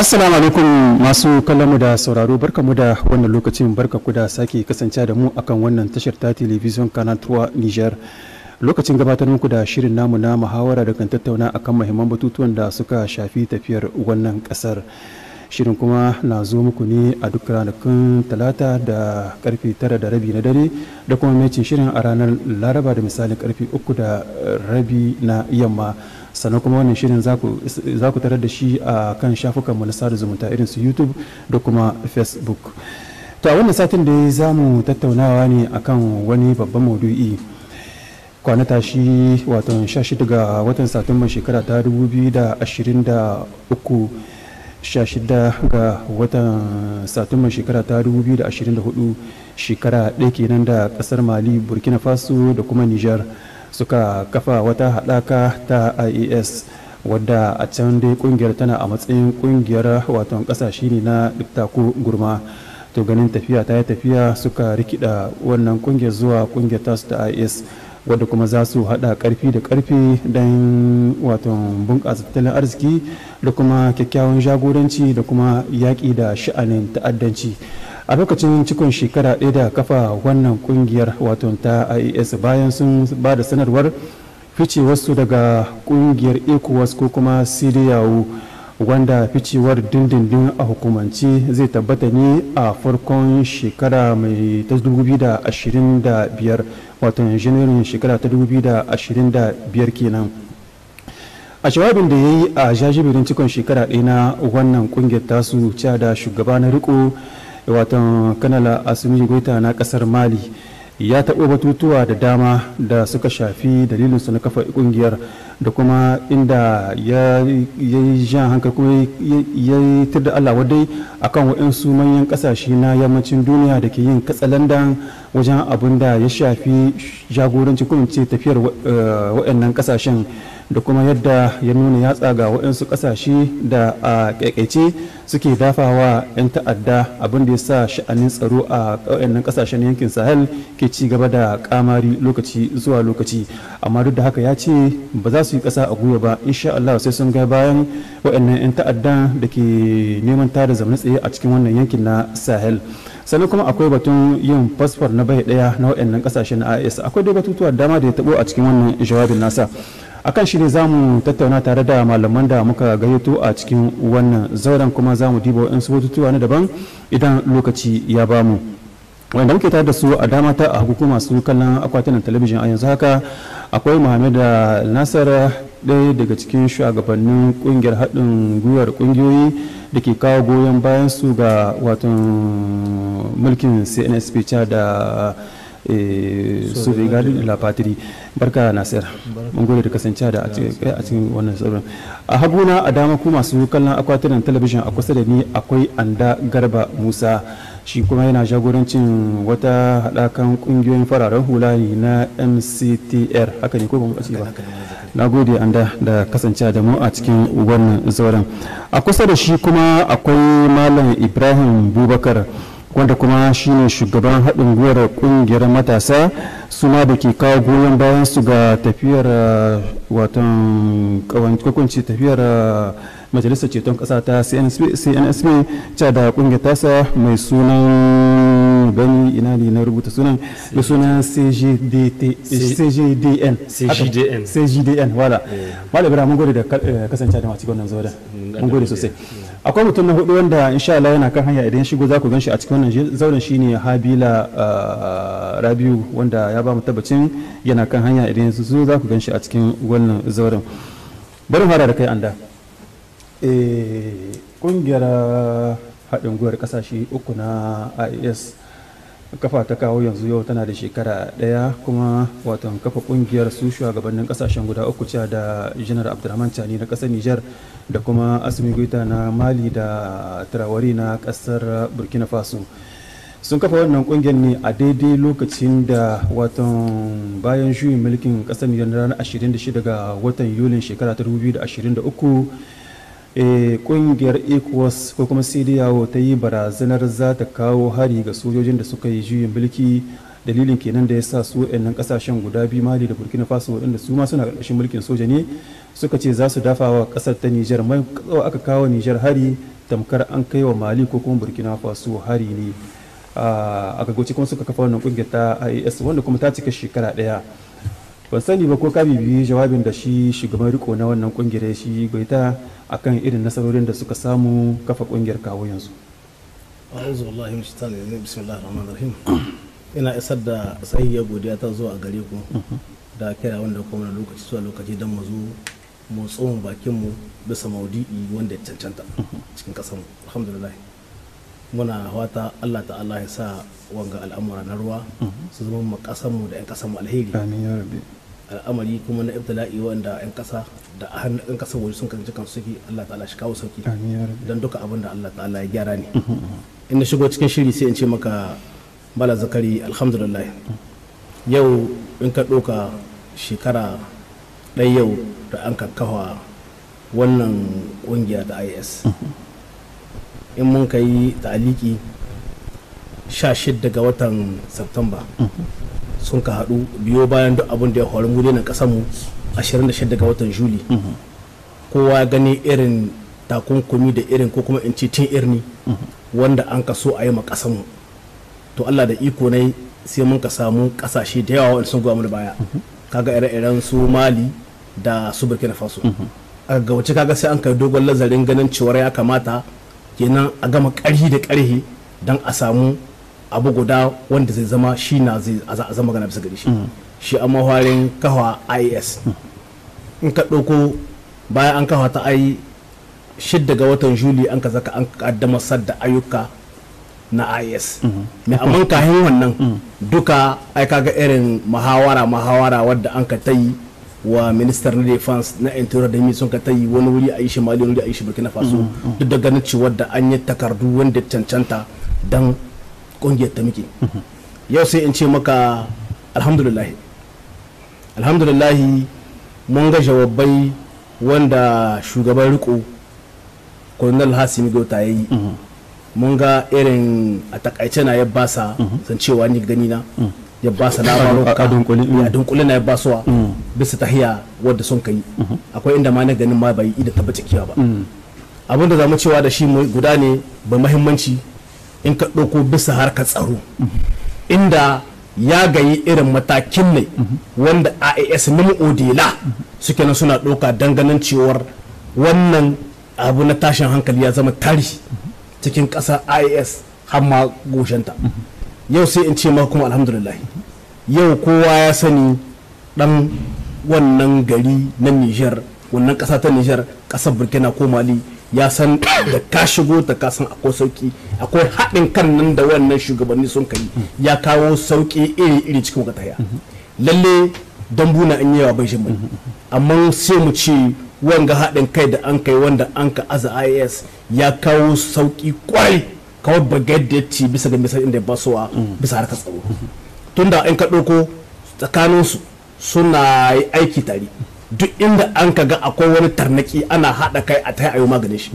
Assalamu alaikum masu kallonmu da sauraro mu da wannan lokacin barka ku da sake kasance da mu akan wannan tashar ta television Canal 3 Niger. Lokacin gabatar muku da shirin namu na muhawara da kan tattauna akan mahimman batutuwan da suka shafi tafiyar wannan kasar. Shirin kuma na zo muku ne a duk ranakun talata da karfe tara da rabi na dare da kuma mecin shirin a ranar laraba da misalin karfe uku da rabi na yamma. sannan kuma wannan shirin za ku tarar da shi a kan shafukan na sada zumunta irin su youtube da kuma facebook to a wannan satin da za mu tattaunawa ne akan wani babban maudu'i kwanata shi wato 16 ga watan satumba shekara ta 2023 16 ga watan satumba shekara ta 2024 shekara ɗaya kenan da ƙasar mali burkina faso da kuma nijar suka kafa wata haɗaka ta ies wadda a can dai kungiyar tana a matsayin kungiyar waton ƙasashe ne na diptaku gurma to ganin tafiya ta yi tafiya suka rikida wannan kungiyar zuwa kungiyar tasu ta is wadda kuma za su hada karfi da karfi don waton bunƙasa tattalin arziki da kuma kyakkyawan jagoranci da kuma yaƙi da sha'anin ta'addanci a lokacin cikon shekara ɗaya da kafa wannan kungiyar wato ta ies bayan sun ba da sanarwar ficewarsu daga kungiyar ecowas ko kuma siriyawu wanda ficewar dindindin a hukumance zai tabbata ne a farkon shekara mai ta 2025 wato janairun shekara ta 2025 kenan a jawabin da ya yi a jajibirin cikon shekara ɗaya na wannan kungiyar tasu cewa da shugaba na riko watan kanala asimi goita na kasar mali ya taɓo batutuwa da dama da suka shafi dalilinsu na kafa kungiyar da kuma inda ya yi jan hankali kuma ya yi da Allah wadai akan waɗansu manyan ƙasashe na yammacin duniya da ke yin katsalandan wajen abin da ya shafi jagoranci kuma ce tafiyar eh, waɗannan ƙasashen da kuma yadda ya nuna ya tsaga waɗansu ƙasashe da a ƙaiƙaice suke dafawa 'yan ta'adda abin da ya sa sha'anin tsaro a ƙauyen ƙasashen yankin sahel ke ci gaba da ƙamari lokaci zuwa lokaci amma duk da haka ya ce ba za su yi ƙasa a gwiwa ba insha Allah sai sun ga bayan waɗannan 'yan ta'adda da ke neman tada zaman tsaye a cikin wannan yankin na sahel sannan kuma akwai batun yin fasfor na bai ɗaya na waɗannan ƙasashen na is akwai dai batutuwa dama da ya tabo a cikin wannan jawabin nasa akan shi ne za mu tattauna tare da malaman da muka gayyato a cikin wannan zauren kuma za mu diba wa'in batutuwa na daban idan lokaci ya bamu wanda muke tare da su a dama ta a hukuma su kallon akwatin talabijin a yanzu haka akwai muhammad nasar ɗaya daga cikin shugabannin kungiyar haɗin gwiwar kungiyoyi da ke kawo goyon bayan su ga watan mulkin cnsp da Eh, sauvegarde la patrie barka nasir mun gode da kasance da a cikin wannan sauran a habuna a dama ku masu kallon akwatunan talabijin a kusa da ni akwai anda garba musa shi kuma yana jagorancin wata haɗakan ƙungiyoyin fararen hula na mctr haka ne ko ba ba na gode anda da kasance da mu a cikin wannan zauren a kusa da shi kuma akwai malam ibrahim bubakar wanda kuma shine shugaban haɗin gwiwar ƙungiyar matasa suna da ke kawo goyon bayan su ga tafiyar eh, watan kwakwanci tafiyar eh, majalisar ceton ƙasa ta cnsp ca da ƙungiyar tasa mai sunan gani ina ne na rubuta sunan da sunan cgdn cgdn wala malabira mun gode da eh, kasance da mace wannan zuwa da mun gode sosai akwai mutum na hudu wanda insha Allah yana kan hanya idan shigo za ku gan shi a cikin wannan zauren shine Habila ah, Rabiu wanda ya ba mu tabbacin yana kan hanya idan zo za ku gan shi a cikin wannan zauren bari fara da kai anda eh kungiyar haɗin gwiwar ƙasashe uku na IAS kafa ta kawo yanzu yau tana da shekara ɗaya kuma watan kafa kungiyar su shugabannin kasashen guda uku cewa da janar abdulrahman chani na kasar Nijar da kuma asumi guita na mali da turawari na kasar burkina faso sun kafa wannan kungiyar ne a daidai lokacin da watan bayan shuyin mulkin kasar niger ranar 26 ga watan yulin shekara 2023 Eh, kungiyar ecowas ko kuma cdao ta yi barazanar za ta kawo hari ga sojojin da suka yi juyin mulki dalilin kenan da ya sa su nan kasashen guda biyu mali da burkina faso waɗanda su ma suna ƙarƙashin mulkin soja ne suka ce za su dafa wa ƙasar ta nijar mai aka kawo nijar hari tamkar an kai wa mali ko kuma burkina faso hari ne ah, a gagoci kuma suka kafa wannan kungiyar ta ias wanda kuma ta cika shekara ɗaya ban sani ba ko ka bibiyi jawabin da shi shugaban riko na wannan kungiyar shi gaita akan irin nasarorin da suka samu kafa kungiyar kawo yanzu a'udhu billahi min shaitani rajim bismillahir rahmanir rahim ina isar da sahiya godiya ta zuwa gare ku da kira wanda kuma na lokaci zuwa lokaci dan mu zo mu tsohon bakin mu bisa maudi'i wanda ya cancanta cikin kasar mu alhamdulillah muna hawata Allah ta'ala ya sa wanga al'amura na ruwa su zama mu kasar mu da 'yan kasar mu alheri al'amari kuma na ibtila'i wanda 'yan kasa da hannun 'yan kasa waje sun kasance kansu suke Allah ta'ala shi kawo sauki don duka abin da Allah ta'ala ya gyara ne mhm, mhm. inda shigo cikin shiri sai in ce maka bala zakari alhamdulillah yau in ka ɗauka shekara ɗaya yau da an kakkawa wannan ƙungiya da is mhm. in mun ka yi ta'aliki 16 ga watan september. sun ka haɗu biyo bayan duk abin da ya faru mu na ƙasar mu 26 ga watan juli mhm. kowa gani irin takunkumi da irin ko kuma in ce tin irni wanda an ka so a yi ma mu to Allah da iko nai sai mun ka samu kasashe da yawa wani sun gwamnu baya mhm. kaga ire-iren su Mali da su Burkina Faso mhm. a wace kaga sai an kai dogon lazarin ganin cewar ya kamata kenan a gama ƙarhi da ƙarhi don a samu abu guda wanda zai zama shi na zai a zama gana bisa gari shi shi a mawarin kawa is. in ka ɗauko bayan an kawa ta ai shidda ga watan juli an ka zaka an kaddama sadda ayyuka na is mai amma kahin wannan duka ai ga irin mahawara mahawara wadda an ka ta yi wa ministar na defense na interior da mi sun ka ta yi wani wuri a yi shi wani wuri a yi shi burkina faso duk da ganin cewa da an yi takardu wanda cancanta dan. kungiyar ta muke yau sai in ce maka alhamdulillahi alhamdulillahi mun ga jawabai wanda shugaban riko colonel hasimi gota ya yi mhm. mun ga irin a takaice na ya basa san mhm. cewa ni gani na mhm. ya basa labaruka a dunkulin na ya basuwa bisa tahiya wadda sun kai akwai inda ma na ganin ma bai yi da tabbata kiwa ba abin da zamu cewa da shi guda ne ba mahimmanci in ka ɗauko bisa harkar tsaro inda ya gayi irin matakin ne wanda ias nim odela suke nan suna ɗauka ganin cewar wannan abu na tashin hankali ya zama tarihi cikin ƙasa ias har ma goshenta yau sai in ce maka kuma alhamdulillah yau kowa ya sani ɗan wannan gari na nijar wannan ƙasa ta nijar ƙasar burkina ko mali ya san da ka shigo ta ka san akwai sauki akwai haɗin kan nan da wannan shugabanni sun kai ya kawo sauki iri iri cikin wakataya lalle dambu na an yi yawa bashin mai amma sai mu ce wanga haɗin kai da an kai wanda an ka aza IAS ya kawo sauki kwarai kawai bagar da ci bisa ga misali inda ba suwa bisa harkar tsaro tunda an ka ɗauko tsakaninsu suna aiki tare duk inda an ka ga akwai wani tarnaki ana haɗa kai a ta yi maganin shi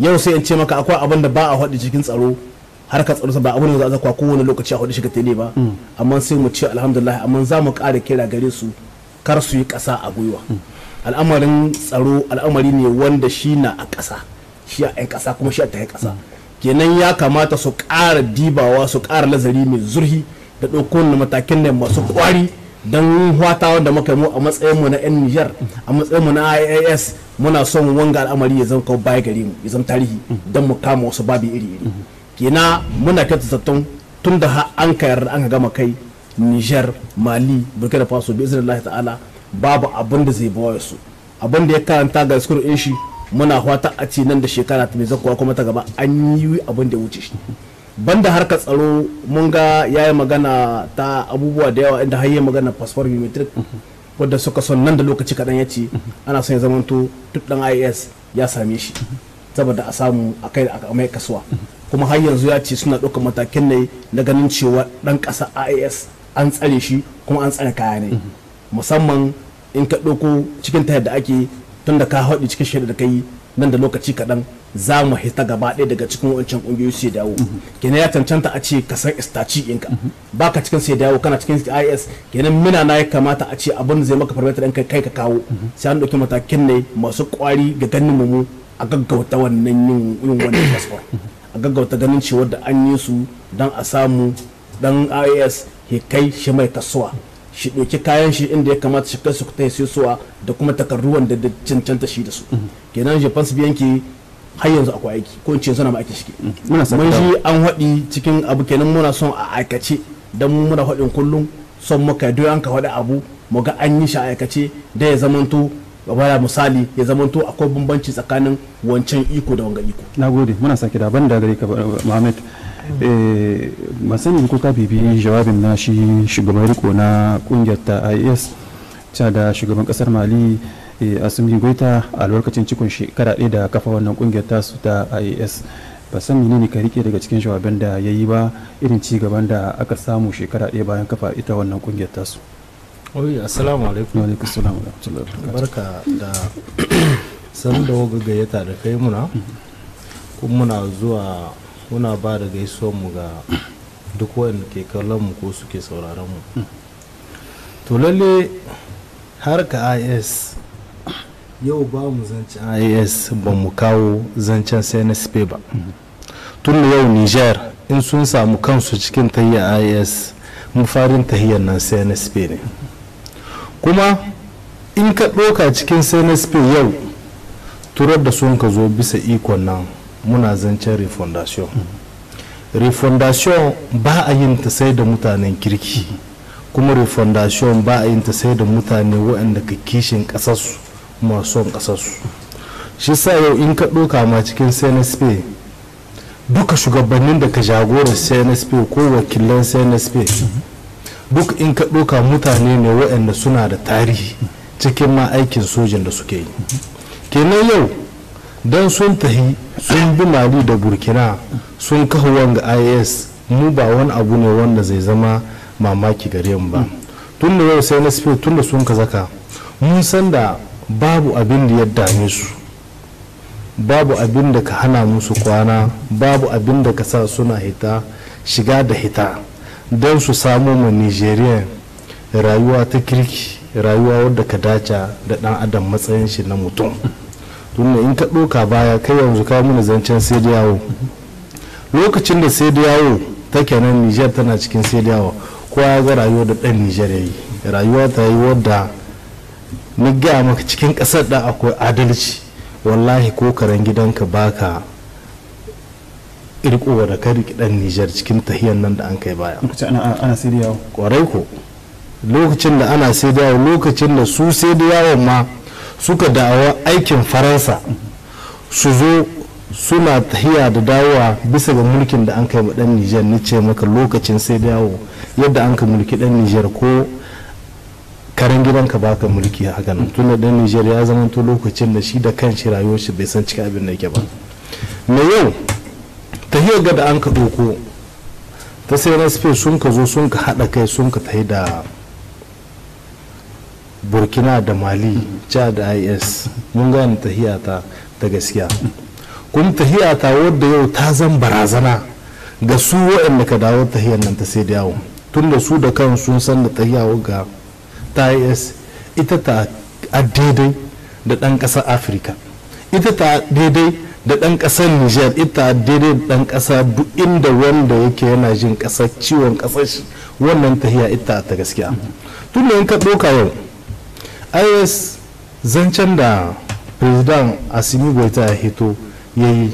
yau sai in ce maka akwai abin da ba a haɗi cikin tsaro har ka tsaro ba abin da za a zakwa kowane lokaci a haɗi shi ka tele ba mm. amma sai mu ce alhamdulillah amma za mu ƙara kira gare su kar su yi ƙasa a gwiwa mm. al'amarin tsaro al'amari ne wanda shi na a ƙasa shi a 'yan ƙasa kuma shi a tayi ƙasa mm. kenan ya kamata su ƙara dibawa su ƙara lazari mai zurfi da ɗauko matakin da masu ƙwari don hwata da muka yi mu a matsayinmu na 'yan nijar a matsayinmu na ias muna son wanga al'amari ya zama kawo baya gare mu ya zama tarihi don mu kama wasu babi iri iri kina muna kyautu zaton tun da an ka yarda an gama kai NIGER mali burkina faso bi izinin ta'ala babu abin da zai bawa su abin da ya karanta ga iskur shi muna hwata a ce nan da shekara ta mai zakuwa kuma ta gaba an yi abin da ya wuce shi banda harkar tsaro mun ga yayi magana ta abubuwa da yawa inda har yi magana passport biometric wadda suka son nan da lokaci kaɗan ya ce ana son ya zamanto duk ɗan IAS ya same shi saboda a samu a kai a mai kasuwa kuma har yanzu ya ce suna ɗaukar matakin ne na ganin cewa ɗan ƙasa IAS an tsare shi kuma an tsare kaya ne musamman in ka ɗauko cikin tayar da ake tun da ka haɗu cikin shaida da ka yi nan da lokaci kaɗan za mu hita gaba ɗaya daga cikin wancan ƙungiyoyi su dawo kenan ya cancanta a ce ka san istaci ɗinka ba ka cikin sai dawo kana cikin is kenan mina na ya kamata a ce abin zai maka farmata ɗan kai ka kawo sai an ɗauki matakin ne masu ƙwari ga ganin mu a gaggauta wannan yin wannan fasfor a gaggauta ganin cewa da an yi su don a samu dan is ya kai shi mai kasuwa shi ɗauki kayan shi inda ya kamata shi kai su ta suwa da kuma takardu wanda da cancanta shi da su kenan japan su biyanki har yanzu akwai aiki ko ce suna ma aiki shi mun shi an haɗi cikin abu kenan muna son a aikace dan muna haɗin kullum son muka duk an ka haɗa abu mu ga an yi shi a aikace da ya zamanto baya misali ya zamanto akwai bambanci tsakanin wancan iko da wanga iko nagode muna sake da ban da gare ka Muhammad masani eh, ko ka bibi jawabin na shi shugaban riko na kungiyar ta IS ta da shugaban kasar Mali yi eh, goita a lokacin cikon shekara ɗaya da kafa wannan kungiyar tasu ta ias ba san menene ka rike daga cikin shawaben da ya yi ba irin ci gaban da aka samu shekara ɗaya bayan kafa ita wannan kungiyar tasu oyi assalamu alaikum alaikum salam barka da san da waga gayyata da kai muna kuma muna zuwa muna ba da gaisuwan mu ga duk wanda ke kallon mu ko suke sauraron mu to lalle harka is yau ba mu zancen ias ba mu kawo zancen cnsp ba tun da yau niger in sun samu kansu cikin tahiyyar ias mafarin tahiyyar nan cnsp ne kuma in ka ɗoka cikin cnsp yau turar da sun ka zo bisa ikon nan muna zancen refondation refondation ba a yin ta sai da mutanen kirki kuma refondation ba a yin ta sai da mutane waɗanda ka kishin ƙasarsu masu son kasarsu shi sa yau in ka ɗoka ma cikin cnsp duka shugabannin da ka jagora cnsp ko wakilan cnsp duk in ka ɗoka mutane ne waɗanda suna da tarihi cikin ma aikin sojin da suke yi kenan yau don sun tahi sun bi mali da burkina sun kawo wanga is mu ba wani abu ne wanda zai zama mamaki gare mu ba tunda da yau sai na tun da sun ka zaka mun san da babu abin da ya dame su babu abin da ka hana musu kwana babu abin da ka sa suna hita shiga da hita don su samu ma nigeria rayuwa ta kirki rayuwa wadda ka dace da dan adam matsayin shi na mutum tunda in ka ɗoka baya kai yanzu ka muna zancen sai da yawo lokacin da sai da yawo ta kenan niger tana cikin sai da yawo kowa ya ga rayuwa da ɗan niger ya yi rayuwa ta yi wadda na gaya maka cikin ƙasar da akwai adalci wallahi ko karen gidanka baka irko da ka riƙi ɗan nijar cikin tahiyan nan da an kai baya ana sai ko lokacin da ana sai da yawo lokacin da su sai da yawon ma suka dawo aikin faransa su zo suna tahiya da dawowa bisa ga mulkin da an kai ma ɗan nijar ni ce maka lokacin sai da yawo yadda an ka mulki ɗan nijar ko karen ka baka mulki haka nan tunda dan Niger ya zama to lokacin da shi da kanshi rayuwar shi bai san cikin abin da yake ba na yau ta tahiyar ga da an ka doko ta sai na space sun ka zo sun ka hada kai sun ka tai da burkina da mali chad da is mun gane hiya ta da gaskiya kuma hiya ta wadda yau ta zan barazana ga su waɗanda ka dawo tahiyar nan ta sai da yawo tunda su da kan sun san da tahiya ga tis ita ta a daidai da ɗan ƙasar afirka ita ta daidai da ɗan ƙasar niger ita daidai da ɗan ƙasa duk inda wanda yake yana jin ƙasar ciwon ƙasar shi wannan tahiya ita ta gaskiya tun da in ka ɗauka yau is zancen da president asimi goita ya hito ya yi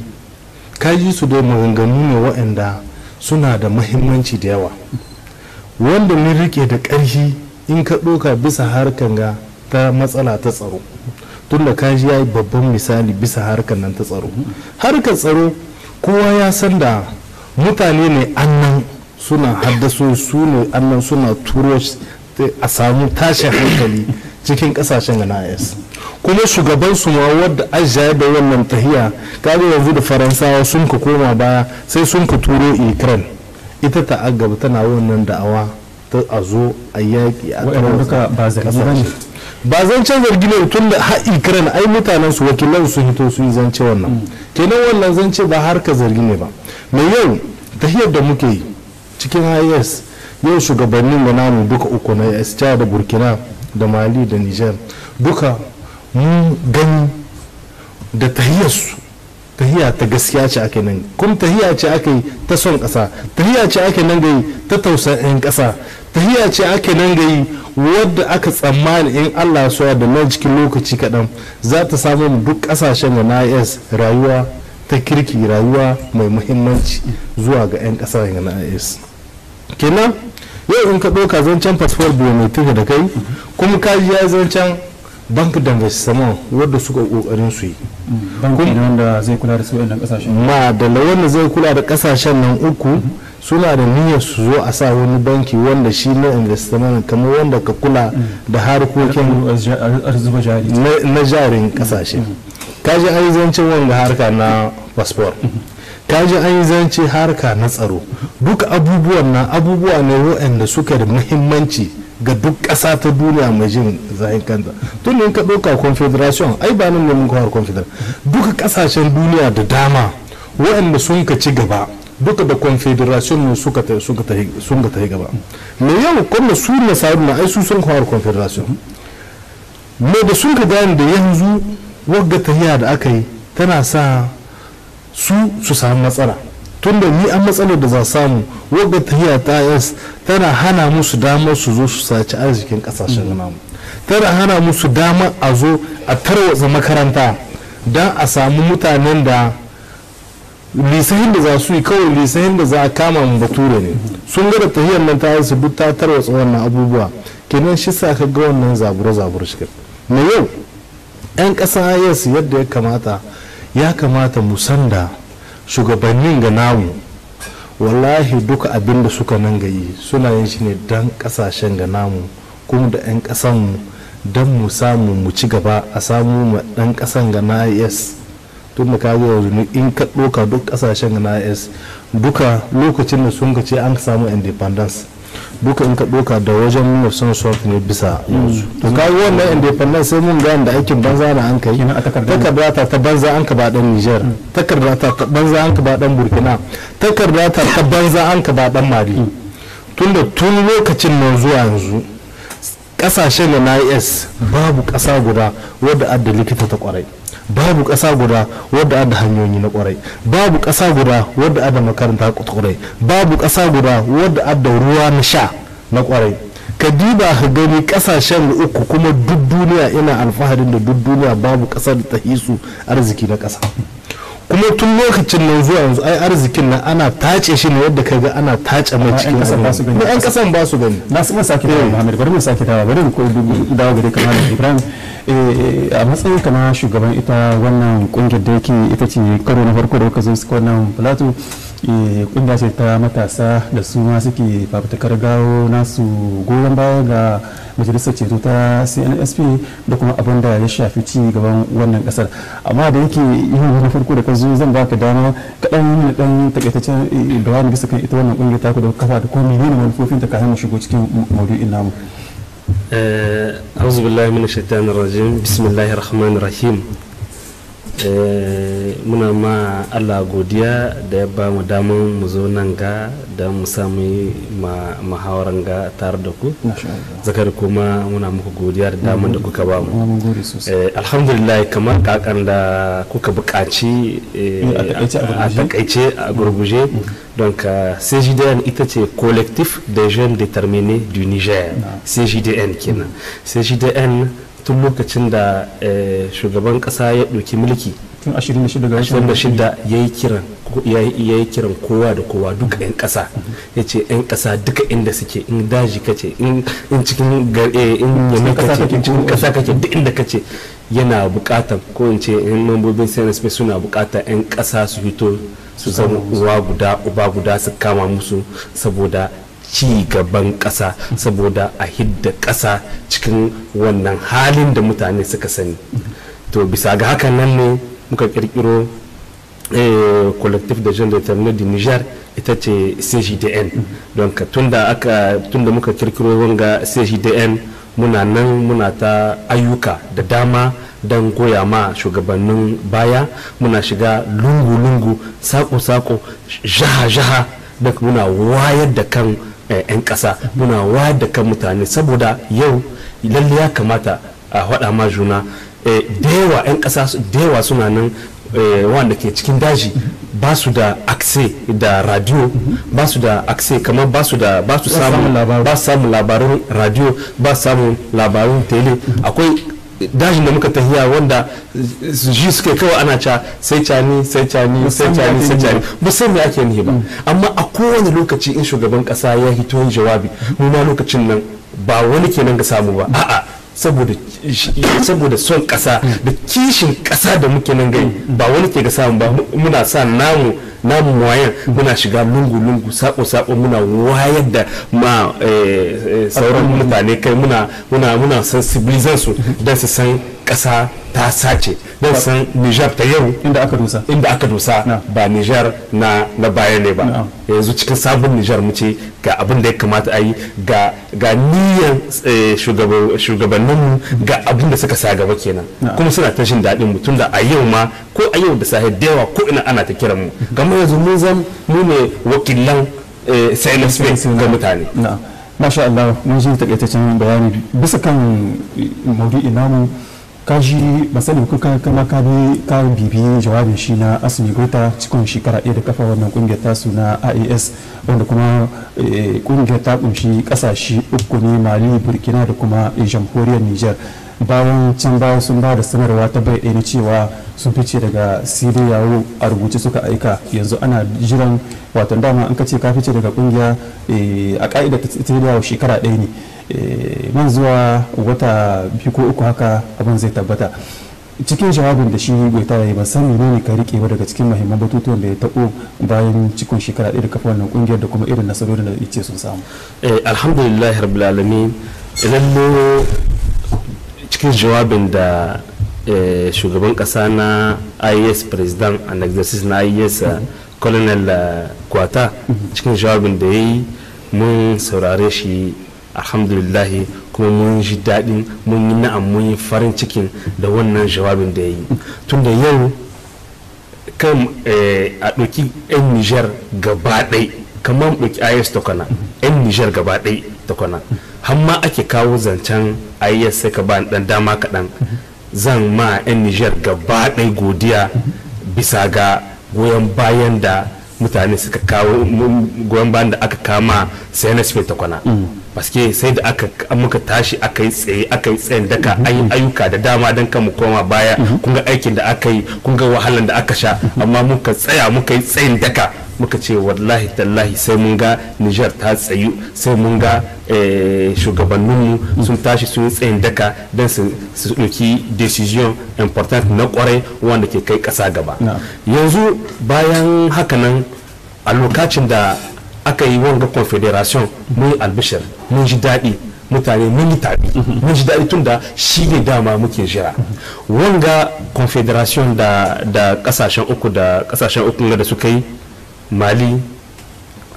kaji su dai maganganu ne waɗanda suna da mahimmanci da yawa wanda mun rike da ƙarfi in ka ɗoka bisa harkan ga ta matsala ta tsaro tunda kaji ya yi babban misali bisa harkan nan ta tsaro harkar tsaro kowa ya san da mutane ne annan suna haddaso su ne annan suna turo a samu tashin hankali cikin kasashen na is kuma shugaban su ma wadda ajiya da wannan tahiya kaga yanzu da faransawa sun ka koma baya sai sun ka turo ukraine ita ta agaba tana wannan da'awa ta a zo a yaƙi a ba zancen zargi ne tun da haɗi na ai mutanen su wakilan su hito su yi zance wannan mm. kenan wannan zance ba harka zargi ne ba mai yau tahiyar da muke yi cikin is yau shugabannin da duka uku na is da burkina da mali da niger duka mun gani da su. tahiya ta gaskiya ce ake nan kuma tahiya ce ake ta son ƙasa tahiya ce ake nan gai ta tausayin ƙasa tahiya ce ake nan gai wadda aka tsammani in allah suwa da nan cikin lokaci kaɗan za ta samu duk ƙasashen da na is rayuwa ta kirki rayuwa mai muhimmanci zuwa ga 'yan ƙasashen na is kenan yau in ka ɗauka zancen fasfar biometric da kai kuma ji ya zancen bank d'investissement wadda suka kokarin su yi mm. bankin wanda zai kula da su waɗannan kasashen ma da wanda zai kula da kasashen nan uku mm-hmm. suna da niyyar su zo a sa wani banki wanda shi na investissement kamar wanda ka kula mm. da harkokin na jarin kasashe mm-hmm. kaji an yi zance wanga harka na fasfor mm-hmm. kaji an yi zance harka na tsaro duka abubuwan na abubuwa ne wa'anda suka da muhimmanci ga duk ƙasa ta duniya mai jin zahin kanta tun in ka ɗauka confederation ai ba nan ne mun kawar confederation duka ƙasashen duniya da dama waɗanda sun ka ci gaba duka da confederation ne suka ta ta sun gaba mai yau kuma su na sa'adu na ai su sun kawar confederation me da sun ka gani da yanzu wagga tahiya da aka yi tana sa su su samu matsala tunda ni an matsalar da za samu wadda tahiya ta yas tana hana musu damar su zo su saci arzikin kasashen mm. namu tana hana musu damar a zo a tarwatsa makaranta don a samu mutanen da lisahin da za su yi kawai lisahin da za a kama mu bature ne sun gada da tahiyar nan ta yas duk ta tarwatsa wannan abubuwa kenan shi sa ka ga wannan zabura zabura shi na yau 'yan ƙasa yas yadda ya kamata ya kamata mu da. shugabannin ga namu wallahi duka abin da suka nan gayi suna yin shi ne don kasashen ga namu kuma da 'yan kasanmu don mu samu mu ci gaba a samu ma dan kasan ga na yes tun da kaga yanzu in ka ɗoka duk kasashen ga na yes duka lokacin da sun ce an samu independence duka in ka doka da wajen mun son soft ne bisa yanzu mm. to kai wannan independence sai mun ga da aikin banza na an kai takarda ta ta banza an ka ba dan Niger mm. takarda ta ta banza an ka ba dan Burkina takarda ta ta banza an ka ba dan Mali mm. tunda tun lokacin nan zuwa yanzu kasashen da na babu kasa guda wadda adda likita ta kwarai babu kasa guda wadda adda hanyoyi na kwarai babu kasa guda wadda adda makaranta ta kwarai babu kasa guda wadda adda ruwa na sha na kwarai ka diba ka gani kasashen uku kuma duk duniya ina alfaharin da duk duniya babu kasa da ta hisu arziki na kasa. kuma tun lokacin nan zuwa yanzu ai arzikin nan ana tace shi ne yadda ka ga ana tace mai cikin kasan ba su gani ɗan kasan ba su gani na su mun sake dawo Muhammad bari mu sake dawo bari ko dawo gare ka Muhammad Ibrahim eh, a matsayin ka na shugaban ita wannan kungiyar da yake ita ce karo na farko da kuka zo wannan plateau Eh, kungiya ce ta matasa da su ma suke fafutukar gawo nasu goyon baya ga majalisar ceto ta cnsp da kuma abin da ya shafi ci gaban wannan kasar amma da yake yin wani farko da ka zo zan baka dama kaɗan yi ɗan takaitaccen da eh, wani bisa kan ita wannan kungiyar taku da kafa da kuma menene manufofin ta kafin mu shigo cikin maudu'in namu أعوذ بالله من الشيطان الرجيم بسم الله الرحمن الرحيم Eh, muna ma allah godiya da ya ba mu daman mu zo nan ga da mu sami muhawaran ga tare da ku zakar kuma muna muku godiya da daman da kuka ba mu eh, alhamdulillah kamar kakan da kuka bukaci eh, a takaice a gurguje don ka cgdn ita ce collectif des jeunes déterminés du niger cgdn kenan cgdn tun lokacin da eh, shugaban kasa ya ɗauki mulki tun 26 ya yi kiran ya yi kiran kowa da kowa duka 'yan kasa mm-hmm. ya ce 'yan kasa duka inda suke in daji kace in cikin in yamai kace eh, in cikin kasa kace duk inda kace yana bukatar ko in ce 'yan mambobin space suna bukatar 'yan kasa su hito su zama uwa guda uba guda su kama musu saboda ci gaban ƙasa saboda a hidda ƙasa cikin wannan halin da mutane suka sani to bisa ga haka nan ne muka kirkiro eh, collective de jeunes terme du niger ita ce cgdn don ka tunda aka tunda muka kirkiro wanga cgdn muna nan muna ta ayyuka da dama don goya ma shugabannin baya muna shiga lungu-lungu sako-sako jaha-jaha da muna wayar da kan Eh, 'yan ƙasa muna wayar da kan mutane saboda yau lalle ya kamata a hada ma juna eh, dayawa 'yan ƙasa dayawa suna nan eh, wanda ke cikin daji ba su da akse da radio ba su da akse kamar ba su da ba su samun labarin radio ba samun labarin tele akwai dajin da muka tahiya wanda shi suke kawai ana ca sai cani sai cani sai cani sai cani ba sai me ake nihi ba mm. amma a kowane lokaci in shugaban kasa ya hito yin jawabi mu ma lokacin nan ba wani kenan ga samu ba a'a saboda saboda son kasa mm. da kishin kasa da muke nan gani ba wani ke ga samu ba muna sa namu namu wayan muna shiga lungu-lungu sako-sako muna wayar da ma eh, eh, sauran mutane kai muna muna muna su don su san ƙasa ta sace don san nijar ta yau inda aka dosa inda ba nijar na na baya ne ba yanzu cikin sabon nijar mu ce ga abin da ya kamata a yi ga ga eh, shugabanninmu ga abin da suka sa gaba kenan kuma suna ta jin daɗin mu tunda a yau ma ko a yau da sahi da yawa ko ina ana ta kiran mu kuma yanzu mun zan mu ne wakilan eh, sailor space ga mutane masha Allah mun shi takaitaccen bayani bisa kan maudu'i inamu ka ji masani ko ka kama ka bi ka bibi jawabin shi na asmi gota cikin shekara ɗaya da kafa wannan kungiyar tasu na IAS wanda kuma kungiyar eh, ta kunshi kasashe uku ne Mali Burkina da kuma jamhuriyar Niger bayan can sun ba da sanarwa ta bai na cewa sun fice daga yawo a rubuce suka aika yanzu ana jiran wato dama an ka ce ka fice daga kungiya eh, a ka'ida ta siriya shekara ɗaya ne man eh, zuwa wata biyu ko uku haka abin zai tabbata cikin jawabin da shi goita ya yi ban san ne ka rike ba daga cikin mahimman batutuwan da ya taɓo bayan cikin shekara ɗaya da kafa wannan kungiyar da kuma irin nasarorin da ya ce sun samu eh, alhamdulillah rabbil alamin cikin jawabin da eh, shugaban kasa na is president and exercise na ias eh, colonel eh, kwata cikin jawabin da ya yi mun saurare shi alhamdulillahi kuma mun ji daɗin mun yi na'am mun yi farin cikin da wannan jawabin da ya yi tun da yau kan a ɗauki 'yan nijar gaba ɗaya kamar buki is ta kwana yan nijar gaba ɗai ta kwana hamma ake kawo zancen is sai ka ba dan dama kaɗan zan ma yan nijar gaba ɗai godiya bisa ga goyon bayan da mutane suka kawo goyon bayan da aka kama sai na spain ta kwana paske sai da aka muka tashi aka yi tsaye aka yi tsayin daka ayyuka da dama don kan mu koma baya kun aikin da aka yi kun ga wahalan da aka sha amma muka tsaya muka yi tsayin daka muka ce wallahi tallahi sai mun ga nijar ta tsayu sai mun ga eh, shugabanninmu sun tashi sun tsayin daka don su ɗauki decision important na kwarai wanda ke kai ƙasa gaba yanzu bayan hakanan a lokacin da aka yi wanga confederation mun yi albishir mun ji daɗi mutane mun yi tabi mun ji daɗi tunda shi ne dama muke jira wanga confederation da ƙasashen uku da kasashen uku da suka yi mali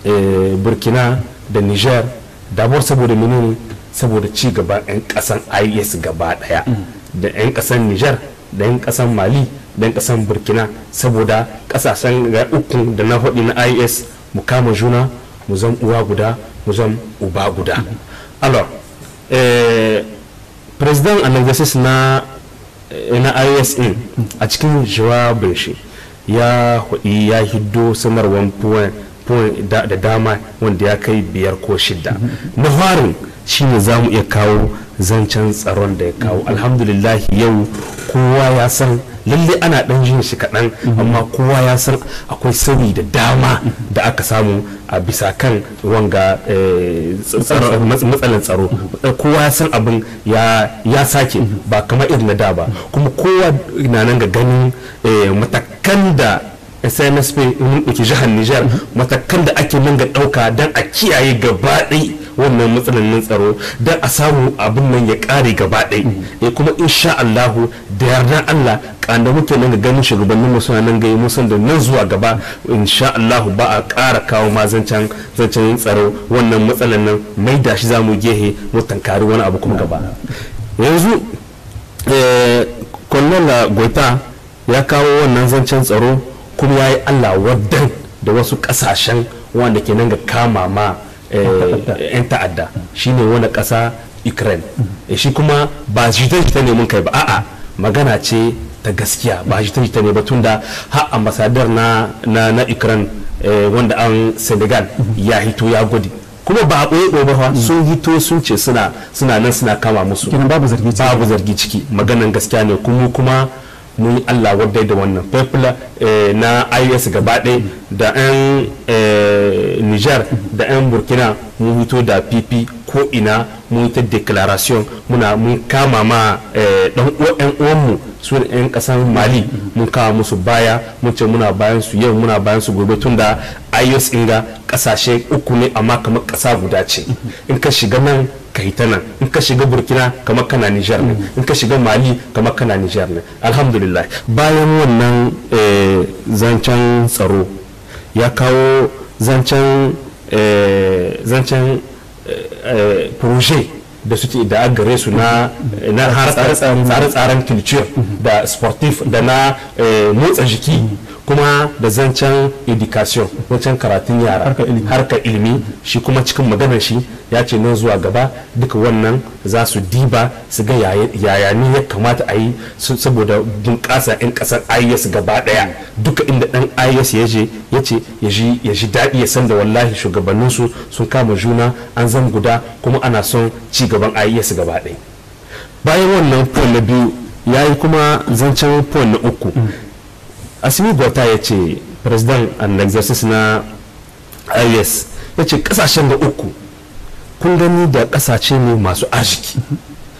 eh, burkina da niger damuwar saboda minin saboda ci gaba 'yan kasan is gaba daya mm. da 'yan kasan niger da 'yan kasan mali da 'yan kasan burkina saboda kasashen ga uku da na faɗi na is mu kama juna mu zan uwa guda mu zan uba guda mm. alor eh, president na eh, na is mm. a cikin jawabin shi ya hudi ya hiddo sanarwar da dama wanda ya kai biyar ko shidda na farin shine za mu iya kawo zancen tsaron da ya kawo alhamdulillah yau kowa ya san lalle ana dan jin shi kaɗan amma kowa ya san akwai sauyi da dama da aka samu a bisa kan wanga eh, matsalan tsaro kowa ya san abin ya sake ba kamar irin na da ba kuma kowa na nan ga ganin eh, matakan da sms mun ɗauki jihar Nijar. matakan da ake nan ga ɗauka don a kiyaye gaba wannan matsalolin tsaro don a samu abin nan ya kare gaba ɗai ya mm-hmm. eh, kuma insha Allahu da yardan Allah kanda muke nan ga ganin shugabannin mu suna nan ga yi san da nan zuwa gaba insha Allahu ba a ƙara kawo ma zancen zancen tsaro wannan matsalan nan mai da shi zamu gehe mu tankari wani abu kuma gaba yanzu kwallon eh, goita ya kawo wannan zancen tsaro kuma ya yi Allah waddan da wasu ƙasashen wanda ke nan ga kama ma Eh, 'yan ta'adda shi ne wani ƙasa ukraine eh, shi kuma ba jita-jita ne mun kai ba a'a magana ce ta gaskiya ba jita-jita ne ba tunda ha ambasadar na na ukraine eh, wanda an senegal ya hito ya gudi kuma ba a ɓoye ɓoye sun hito sun ce suna nan suna kama musu babu zargi ciki maganan gaskiya ne kuma kuma mun allah wadda da wannan pepla eh, na is gaba da 'yan eh, niger da 'yan burkina mun hito da pp ko ina mun ta declaration muna mun kama ma dan eh, uwan mu su da 'yan kasar mali mun kawo musu baya mun ce muna bayan su yau muna bayan su gobe tun da ayos inga kasashe uku ne amma kamar kasa guda ce in ka shiga nan ka hita nan in ka shiga burkina kamar kana nijar ne in ka shiga mali kamar kana nijar ne alhamdulillah bayan wannan eh, zancen tsaro ya kawo zancen eh, zancen eh, projet da suke da agare su na har tsare-tsaren culture da sportif da na eh, motsa jiki kuma da zancen education zancen karatun yara harkar ilimi shi kuma cikin magana shi ya ce nan zuwa gaba duka wannan za su diba su ga yaya ne ya kamata a yi saboda bunƙasa 'yan ƙasar is gaba ɗaya duka inda ɗan is ya je ya ce ya ji daɗi ya san da wallahi shugabanninsu sun kama juna an zan guda kuma ana son ci gaban is gaba ɗaya bayan wannan point na biyu ya yi kuma zancen point na uku mm. asimi gwata ya ce president an exercise na is ya ce kasashen da uku kun gani da kasashe ne masu arziki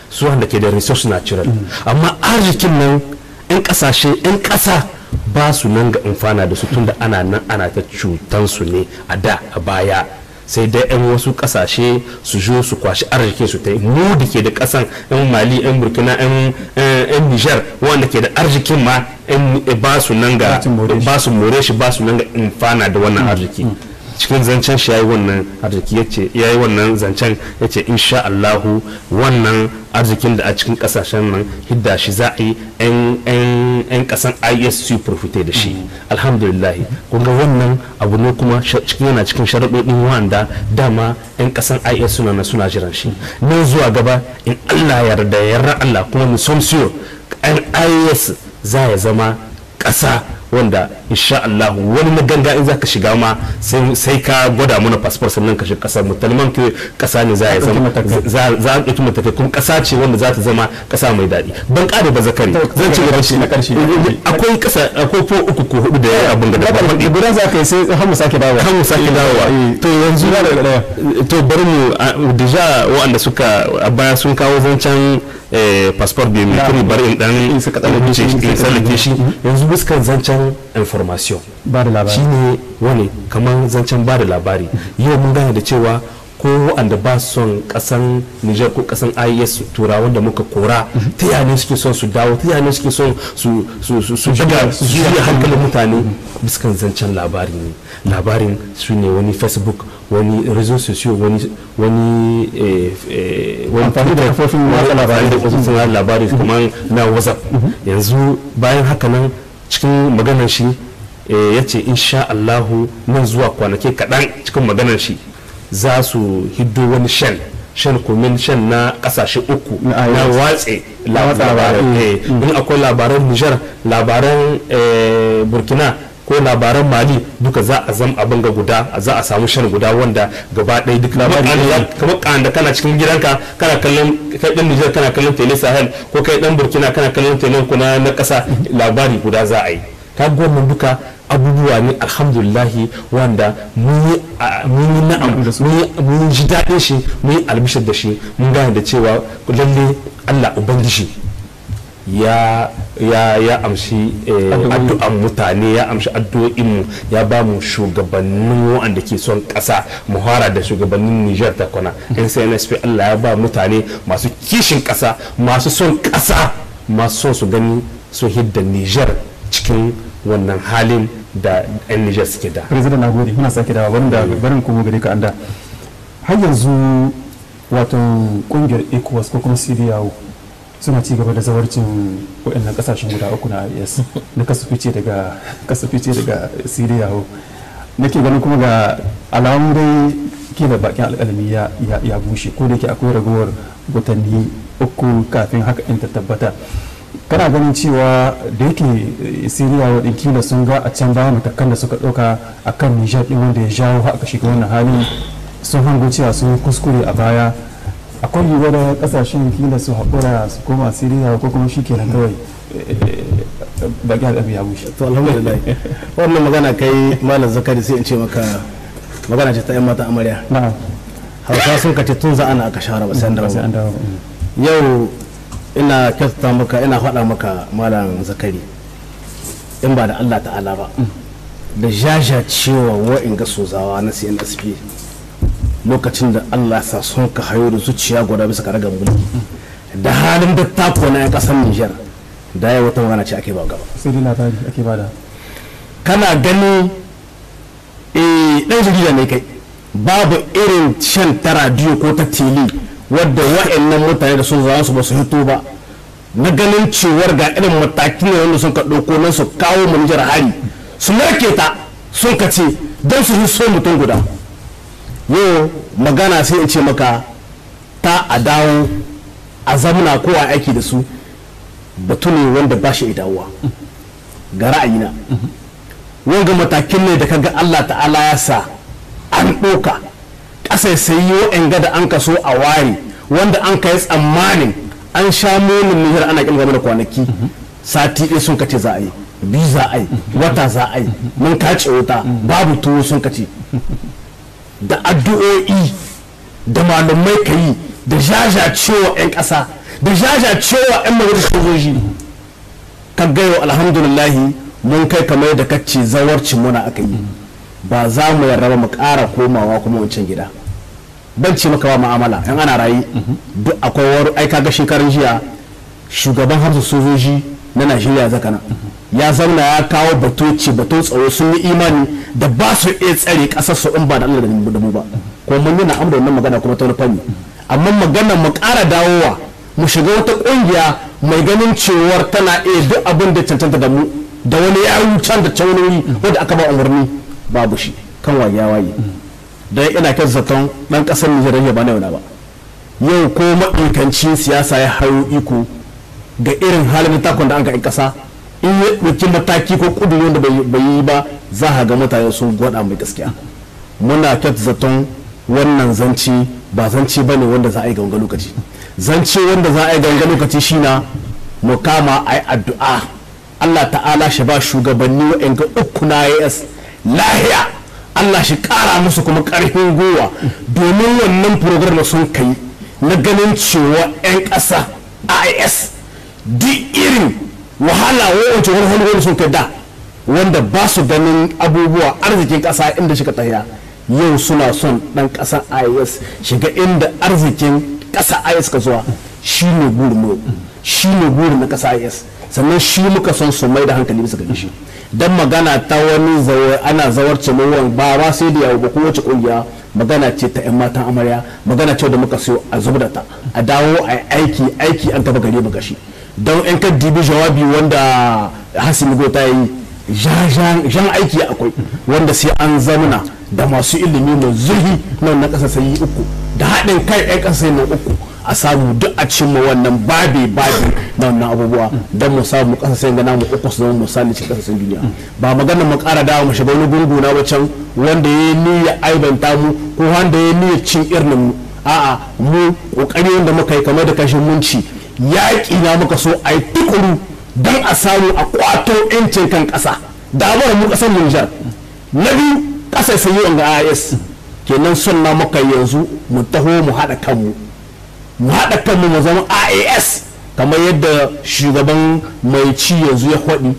su wanda ke da resource natural amma arzikin nan 'yan kasashe 'yan kasa ba su nan ga amfana da su tunda ana nan ana ta cutansu ne a da a baya sai dai yan wasu kasashe su zo su kwashi arziki su ta mu da ke da kasan yan mali yan burkina yan eh, nijar wanda ke da arzikin ma eh, ba su nan ga ba su more shi ba su nan ga infana da wannan hmm. arziki hmm. cikin zancen shi yi wannan arziki ya yi wannan zancen ya yace insha Allahu wannan arzikin da a cikin kasashen nan hidda shi za a yi yan kasan ISU profite da shi alhamdulillahi kuma wannan abu ne kuma cikin yana cikin sharaɗoɗin wanda dama yan kasan ISU na suna jiran shi nan zuwa gaba in Allah yarda yarda Allah kuma mu son siyo IS za ya zama ƙasa wanda insha Allah wani na ganga in zaka shiga ma sai ka gwada mana fasfor sannan ka shiga kasar mu talman kasa ne za a zama za a ɗauki matakai kuma kasa ce wanda za ta zama kasa mai daɗi ban ƙare ba zakari zan ce gaba shi na ƙarshe akwai kasa akwai ko uku ko hudu da yayi abin da ba faɗi gudan za ka yi sai har mu sake dawowa har mu sake dawowa eh, to yanzu to bari mu deja waɗanda suka a baya sun kawo zancen Eh, passport biometric bari in dan in sallake shi yanzu buskan zancen information ba da labari shine wani kamar zancen ba da labari yau mun gane da cewa ko wanda ba son kasan Nijar ko kasan IS turawan da muka kora ta ne suke son su dawo ta ne suke son su su su su daga su hankalin mutane biskan zancen labari ne labarin su wani Facebook wani réseaux sociaux wani wani eh, eh, wani fahimta da kafofin watsa labarai da kafofin watsa mm-hmm. labarai mm-hmm. kamar na whatsapp mm-hmm. yanzu bayan haka nan cikin maganar shi eh, ya ce insha allahu nan zuwa kwanaki kaɗan cikin maganar shi za su hiddo wani shan shan komin shan na kasashe uku na watse labarai in akwai labaran nijar labaran burkina ko labaran mali duka za a zam abin ga guda za a samu shan guda wanda gaba ɗaya duk labarin kamar kanda kana cikin gidanka kana kallon kai dan Nijar kana kallon tele Sahel ko kai dan Burkina kana kallon tele kuna na ƙasa labari guda za a yi ka gwamnan duka abubuwa ne alhamdulillahi wanda mun yi na'am mun ji daɗin shi mun yi albishar da shi mun gane da cewa lalle Allah ubangiji ya ya ya amshi eh, addu'an mutane ya amshi addu'o'in mu ya ba mu shugabannin wanda ke son kasa mu fara da shugabannin Niger ta kwana NCNSP Allah ya ba mutane masu kishin ƙasa masu son ƙasa masu son su gani su hidda Niger cikin wannan halin da 'yan Niger suke da. President na gode muna sake dawa barin da barin kuma gare ka anda. Har yanzu wato kungiyar ECOWAS ko kuma CDAO suna ci gaba da zawarcin waɗannan kasashen guda uku na is na kasafice daga kasafice daga siriya nake ganin kuma ga alamun dai ke da bakin alƙalami ya bushe ko da yake akwai ragowar watanni uku kafin haka in ta tabbata kana ganin cewa da yake siriya wadin kila sun ga a can baya matakan da suka ɗauka akan nijar ɗin wanda ya jawo haka shiga wannan halin sun hango cewa sun kuskure a baya akwai yiwuwar kasashen kila su haƙura su koma siriya ko kuma shi kenan kawai baki al'abu ya bushe to alhamdulillah wannan magana kai malam zakari sai in ce maka magana ce ta yan mata amarya hausa sun kace tun za ana aka share ba sai an dawo yau ina kyautata maka ina faɗa maka malam zakari in ba da Allah ta'ala ba mm. da jaja cewa wa'in ga sozawa na CNSP lokacin da allah sa sun ka hayo da zuciya guda bisa ka raga mulki da halin da ta kona ya kasar nijar da ya wata wani ce ake ba gaba sai dai ake ba kana gani eh dan jarida ne kai babu irin shan ta radiyo ko ta tele wadda wa'annan mutane da sun zama su ba su hito ba na ganin cewar ga irin matakin ne wanda sun ka ɗauko nan su kawo mu Niger hari su narke ta sun ka ce dan su so mutum guda yo magana sai in ce maka ta a dawo a zamuna ko a aiki da su batu ne wanda ba shi dawowa ga ra'ayina wanga matakin ne da kaga Allah ta'ala ya sa an ɗoka ƙasa sai yi gada an kaso a ware wanda an kai tsammanin an sha munin nijar ana kin game da kwanaki sati ɗaya sun kace za a yi biyu za a yi wata za a yi mun kace wuta babu tuwo sun kace da addu'o'i da malamai ka yi da jajacewa 'yan ƙasa da jajacewa 'yan majalisar sojoji ka gaiwa alhamdulillahi mun kai kamar da kacce zawarci muna aka yi ba za mu yarda mu ƙara komawa kuma wancan gida ban ce maka ba ma'amala yan ana rayu duk akwai wani aika ga shekarun jiya shugaban harsu sojoji na najeriya zakana ya zauna ya kawo batoci batun tsaro sun yi imani da ba su iya tsare kasar su in ba da Allah da mu ba kuma mun yana amurda wannan magana kuma ta wani fanni amma magana mu ƙara dawowa mu shiga wata ƙungiya mai ganin cewar tana iya duk abin da cancanta da mu da wani ya can da can wani wanda aka ba umarni babu shi kan ya waye da ina kan zaton dan kasar Nijar ya ba na ba yau ko ma'aikacin siyasa ya hayo iko ga irin halin takon da an ga 'yan ƙasa in ya ɗauki mataki ko ƙudurin wanda bai yi ba za a ga mutane sun gwada mai gaskiya muna kyat zaton wannan zanci ba zanci ba ne wanda za a yi ganga lokaci zanci wanda za a yi ganga lokaci shi na mu kama a yi addu'a Allah ta'ala shi ba shugabanni wa'yanga uku na yas lahiya Allah shi kara musu kuma karfin gowa. domin wannan program sun kai na ganin cewa 'yan ƙasa IS duk irin wahala wa'ance wani sun kai da wanda ba su ganin abubuwa arzikin kasa inda shiga tsaya yau suna son ɗan ƙasa is shiga inda arzikin ƙasa is ka zuwa shi ne burin shi ne burin na ƙasa is sannan shi muka son su mai da hankali bisa gani shi don magana ta wani ana zawar cimawan ba ba sai da yawo ba kowace kungiya magana ce ta 'yan matan amarya magana ce da muka siyo a zubda ta a dawo a aiki aiki an taba gare mu gashi don yan ka jawabi wanda hasimi gota yi jan aiki akwai wanda sai an zamana da masu ilimi mai zuhi na wannan kasa sai uku da haɗin kai 'yan ƙasa na uku a samu duk a cimma wannan babi babi na wannan abubuwa don mu samu sai gana mu uku su zama misali cikin sun duniya ba magana mu kara dawo mu shiga wani gungu na wacan wanda ya niyya aibanta mu ko wanda ya niyya cin irin mu a'a mu kokari wanda muka yi kamar da kashin munci yaƙi na muka so a yi tukuru don a samu a kwato 'yancin kan ƙasa damar mu ƙasar Nijar na biyu ƙasar sun yi ga IS kenan son na muka yanzu mu taho mu haɗa kanmu mu haɗa kanmu mu zama IAS kamar yadda shugaban mai ci yanzu ya faɗi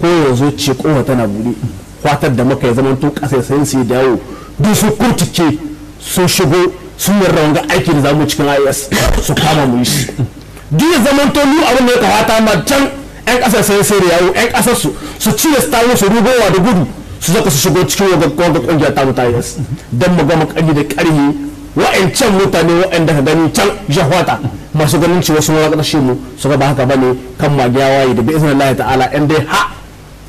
ko yanzu ce kowa tana buɗe kwatar da muka ya zama to ƙasar sun sai dawo duk su kurtuke sun shigo sun yarda wanga aikin da zamu cikin IAS su kama mu yi shi duk ya zama to mu abin da ya kawata ma can yan kasar sai sai da yawo yan kasar su su cire stawo su rugowa da gudu su zaka su shigo cikin wagga kungiyar ta mutane dan mu gama kari da karhi wa'ancan mutane wa'anda ka gani can jahwata masu ganin cewa sun waka shi mu su ba haka bane kan magiya waye da bi iznillahi ta'ala in dai ha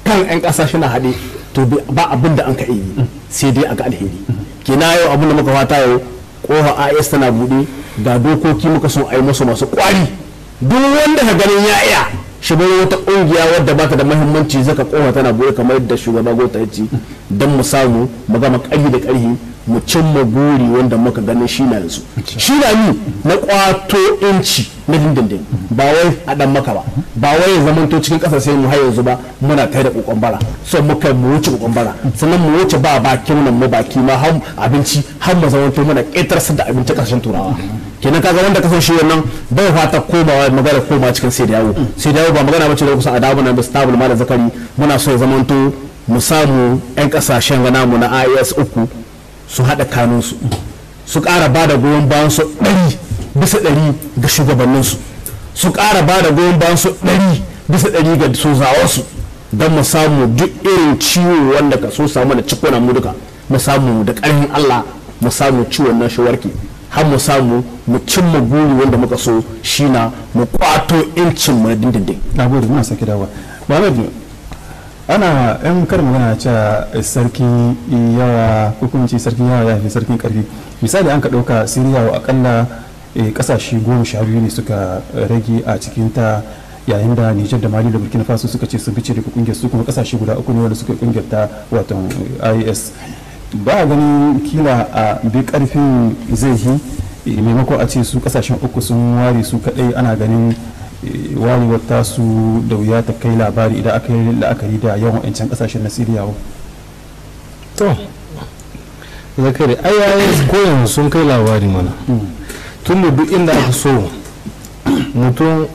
kan yan kasa shi na haɗe to ba abin da an ka yi sai dai a ga alheri kina yau abin da muka fata yau kofa AS tana buɗe ga dokoki muka so a yi masu masu kwari duk wanda ka ganin ya iya shi bai wata kungiya wadda ba ta da muhimmanci zaka koma tana goyi kamar yadda shugaba gota ya ce don mu samu mu gama ƙarfi da ƙarfi mu cimma buri wanda muka ganin shi na yanzu shi na ni na kwato inci na dindindin ba wai a dan maka ba ba wai ya zamanto cikin ƙasa sai mu har yanzu ba muna kai da kokon bara so muka mu wuce kokon bara sannan mu wuce ba bakin nan mu baki ma har abinci har mu to muna ƙetar da abinci ƙasashen turawa kenan kaga wanda kasan shi wannan bai fata komawa magana koma cikin sai da yawo sai da yawo ba magana bace da kusa a na da stable zakari muna so ya zamanto mu samu 'yan kasashen gana mu na IS uku su haɗa kanunsu su ƙara ba da goyon bayan su ɗari bisa ɗari ga shugabanninsu su ƙara ba da goyon bayan su ɗari bisa ɗari ga su don mu samu duk irin ciwo wanda ka so samu da cikon mu duka mu samu da ƙarfin Allah mu samu ciwon na shawarki har mu samu mu cimma guri wanda muka so shi na mu kwato incin mu dindindin. Na gode muna sake dawa. Muhammad ana yan kar magana ce eh, sarki yawa hukunci sarki yawa ya fi sarkin karfi misali an ka ɗauka siriya wa akalla kasashe eh, goma sha biyu ne suka rage a cikin ta yayin da nijar da mali da burkina faso suka ce sun bice daga kungiyar su kuma kasashe guda uku ne wanda suka kungiyar ta wato is ba a ganin kila a bi karfin zai yi eh, maimako a ce su kasashen uku sun ware su kadai ana ganin wayewar tasu da wuya ta kai labari idan aka yi la'akari da yawan 'yancin kasashen na siriya to zakari ai koyan sun kai labari mana hmm. tun da duk inda aka so mutum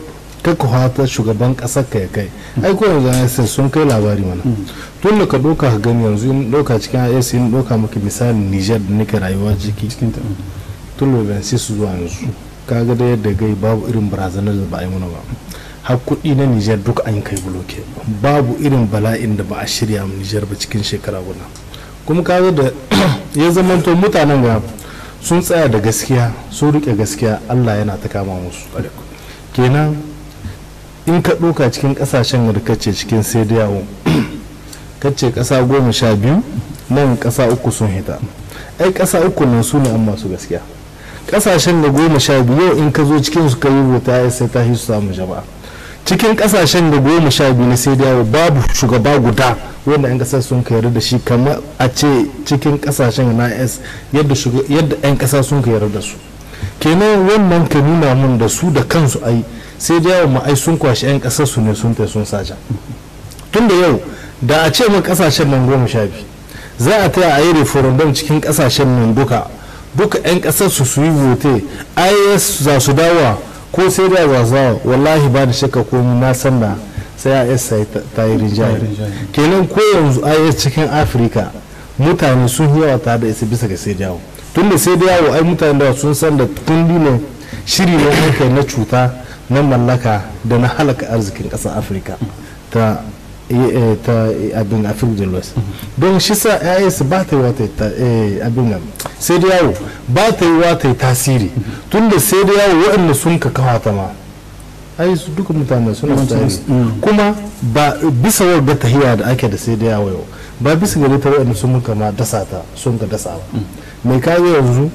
kakka hata shugaban kasar ka ya kai hmm. ai koyan zanayi sun kai labari mana hmm. tun da ka doka ka gani yanzu in doka cikin is in doka maka misalin nijar da nika rayuwa ciki tun da su zuwa yanzu kaga da yadda gai babu irin barazanar da ba a yi mana ba har kuɗi na nijar duk an kai bloke babu irin bala'in da ba a shirya mu nijar ba cikin shekara guda kuma kaga da ya to mutanen ga sun tsaya da gaskiya sun rike gaskiya allah yana ta kama musu kenan in ka ɗauka cikin ƙasashen da kace cikin sai da yawo kace ƙasa goma sha biyu nan ƙasa uku sun hita ai ƙasa uku nan su ne an masu gaskiya kasashen da goma sha biyu in ka zo cikin su ka rubuta ya sai ta su samu jama'a cikin kasashen da goma sha biyu na sai dawo babu shugaba guda wanda 'yan kasa sun yarda da shi kamar a ce cikin kasashen na s yadda 'yan kasa sun yarda da su kenan wannan ka nuna mun da su da kansu ai sai da yawan ma'ai sun kwashi 'yan kasar su ne sun ta sun saja tun da yau da a ce mun kasashen nan goma sha biyu za a taya a yi referendum cikin kasashen nan duka duka 'yan kasar su su yi vote is za su dawa ko sai da za su dawa wallahi ba da shakka ko na san da sai is ta yi rinjaye kenan ko yanzu is cikin afirka mutane sun yawa tare da isa bisa ga sai yawo tun da sai yawo ai mutane da sun san da kundi ne shiri ne na cuta na mallaka da na halaka arzikin kasar afirka ta Eh, eh, ta eh, abin a filgin los don shi sa yayinsu ba ta yi wata abin nan sai da yawo ba ta yi wata tasiri mhm. tunda sai da yawo waɗanda sun ka kawata ma ai su duka mutane suna tsari mm. kuma ba bisa wadda tahiya da ake da sai da yawo yau ba bisa gari ta waɗanda sun muka ma dasa ta sun ka dasa ba mai mm. kawo yanzu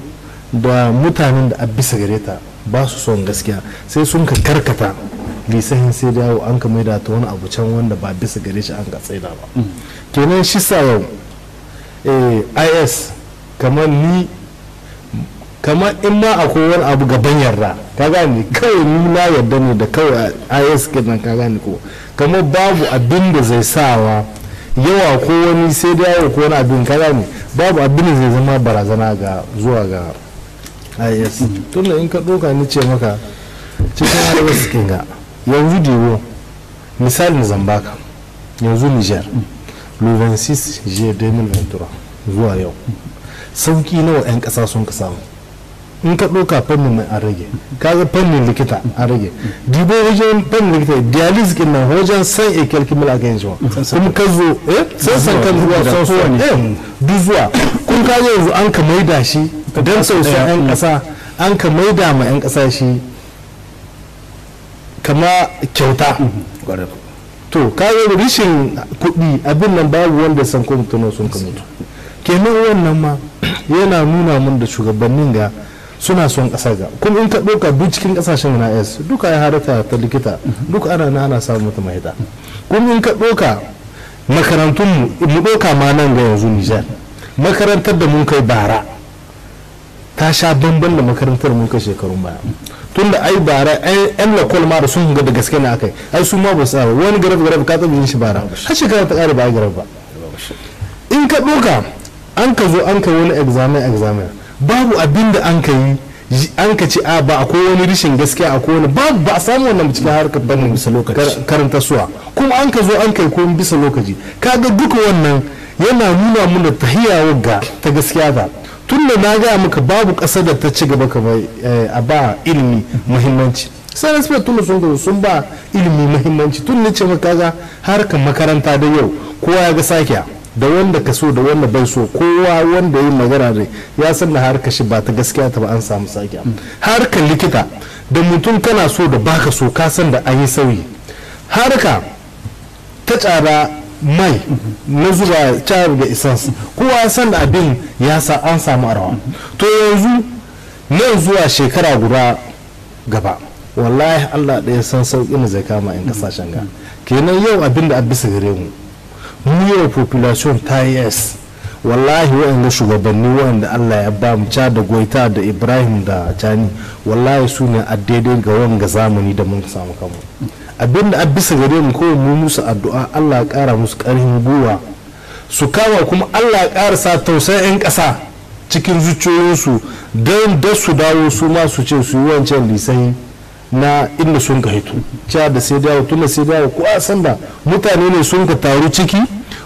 da mutanen da a bisa gare ta ba su son gaskiya sai sun ka karkata lisahin sai dawo an ka maida ta wani abu can wanda ba bisa gare shi an ka tsaida ba kenan shi sa yau eh, is kamar ni kamar in ma akwai wani abu gaban yarda ka gane kawai ni na yarda ne da kawai is kenan ka gane ko kamar babu abin da zai sawa yawa ko wani sai da yawa ko wani abin ka gane babu abin da zai zama barazana ga zuwa ga is tunda in ka doka ni ce maka cikin harbar skin ga yanzu dewo misalin zambaka yanzu niger le 26 juillet 2023 zuwa yau sauki nawa 'yan ƙasa sun ka samu in ka ɗauka fannin mai an rage kaga fannin likita an rage dibo wajen fannin likita dialysis ɗin nan wajen san e kyalki mila ga yanzu kuma ka zo eh san san kan zuwa san so ne du zuwa kun ka yanzu an ka maida shi dan sausa 'yan ƙasa an ka maida ma 'yan ƙasa shi kama kyauta to da rishin kuɗi abin nan babu wanda san ko mutum sun ka mutu kenan wannan ma yana nuna mun da shugabannin ga suna son ƙasa ga kuma in ka ɗauka duk cikin ƙasashen na s duka ya harata ta likita duka ana na ana samun mata mahita kuma in ka ɗauka makarantun mu ɗauka ma nan ga yanzu nijar makarantar da mun kai bara ta sha bamban da makarantar mun kai shekarun baya tun da ai bara yan lakol ma da sun hunga da gaske na yi ai su ma ba su wani garaf garaf ka tsabi shi bara har shekara ta kare ba garaf ba in ka doka an ka zo an ka wani examen examen babu abin da an ka yi an ka ci a ba akwai wani rishin gaskiya akwai wani babu ba a samu wannan cikin harkar bannin bisa lokaci karanta suwa kuma an ka zo an kai komai bisa lokaci kaga duka wannan yana nuna mana tahiyawar ga ta gaskiya ta tun da na gaya maka babu ƙasar da ta ci gaba kamar eh, a ba ilimi muhimmanci sai nasu tun sun gaba sun ba ilimi muhimmanci tun nace maka ga harkar makaranta da yau kowa ya ga sakiya da wanda ka so da wanda bai so kowa wanda yi magana da ya san da harkar shi ba ta gaskiya ta ba an samu sakiya harkar likita da mutum kana so da baka so ka san da an yi sauyi harka ta tsara mai na zuba char da isansu kowa san da abin ya sa an samu arawa to yanzu nan zuwa shekara guda gaba wallahi Allah da ya san sauƙin zai kama in kasashen ga kenan yau abin da abisa gare mu mu yau population ta yes wallahi waɗanda shugabanni waɗanda Allah ya ba mu ca da goita da Ibrahim da jani wallahi su ne a ga wanga zamani da mun samu kanmu abinda an bisa gare mu kawai mu musu addu'a Allah ya kara musu karfin gwiwa su kama kuma Allah ya kara sa tausayin 'yan ƙasa cikin zuciyoyinsu don da su dawo su ma su ce su yi wancan lisai na inda sun ka hito cewa da sai dawo tunda sai dawo ko a sanda mutane ne sun ka taru ciki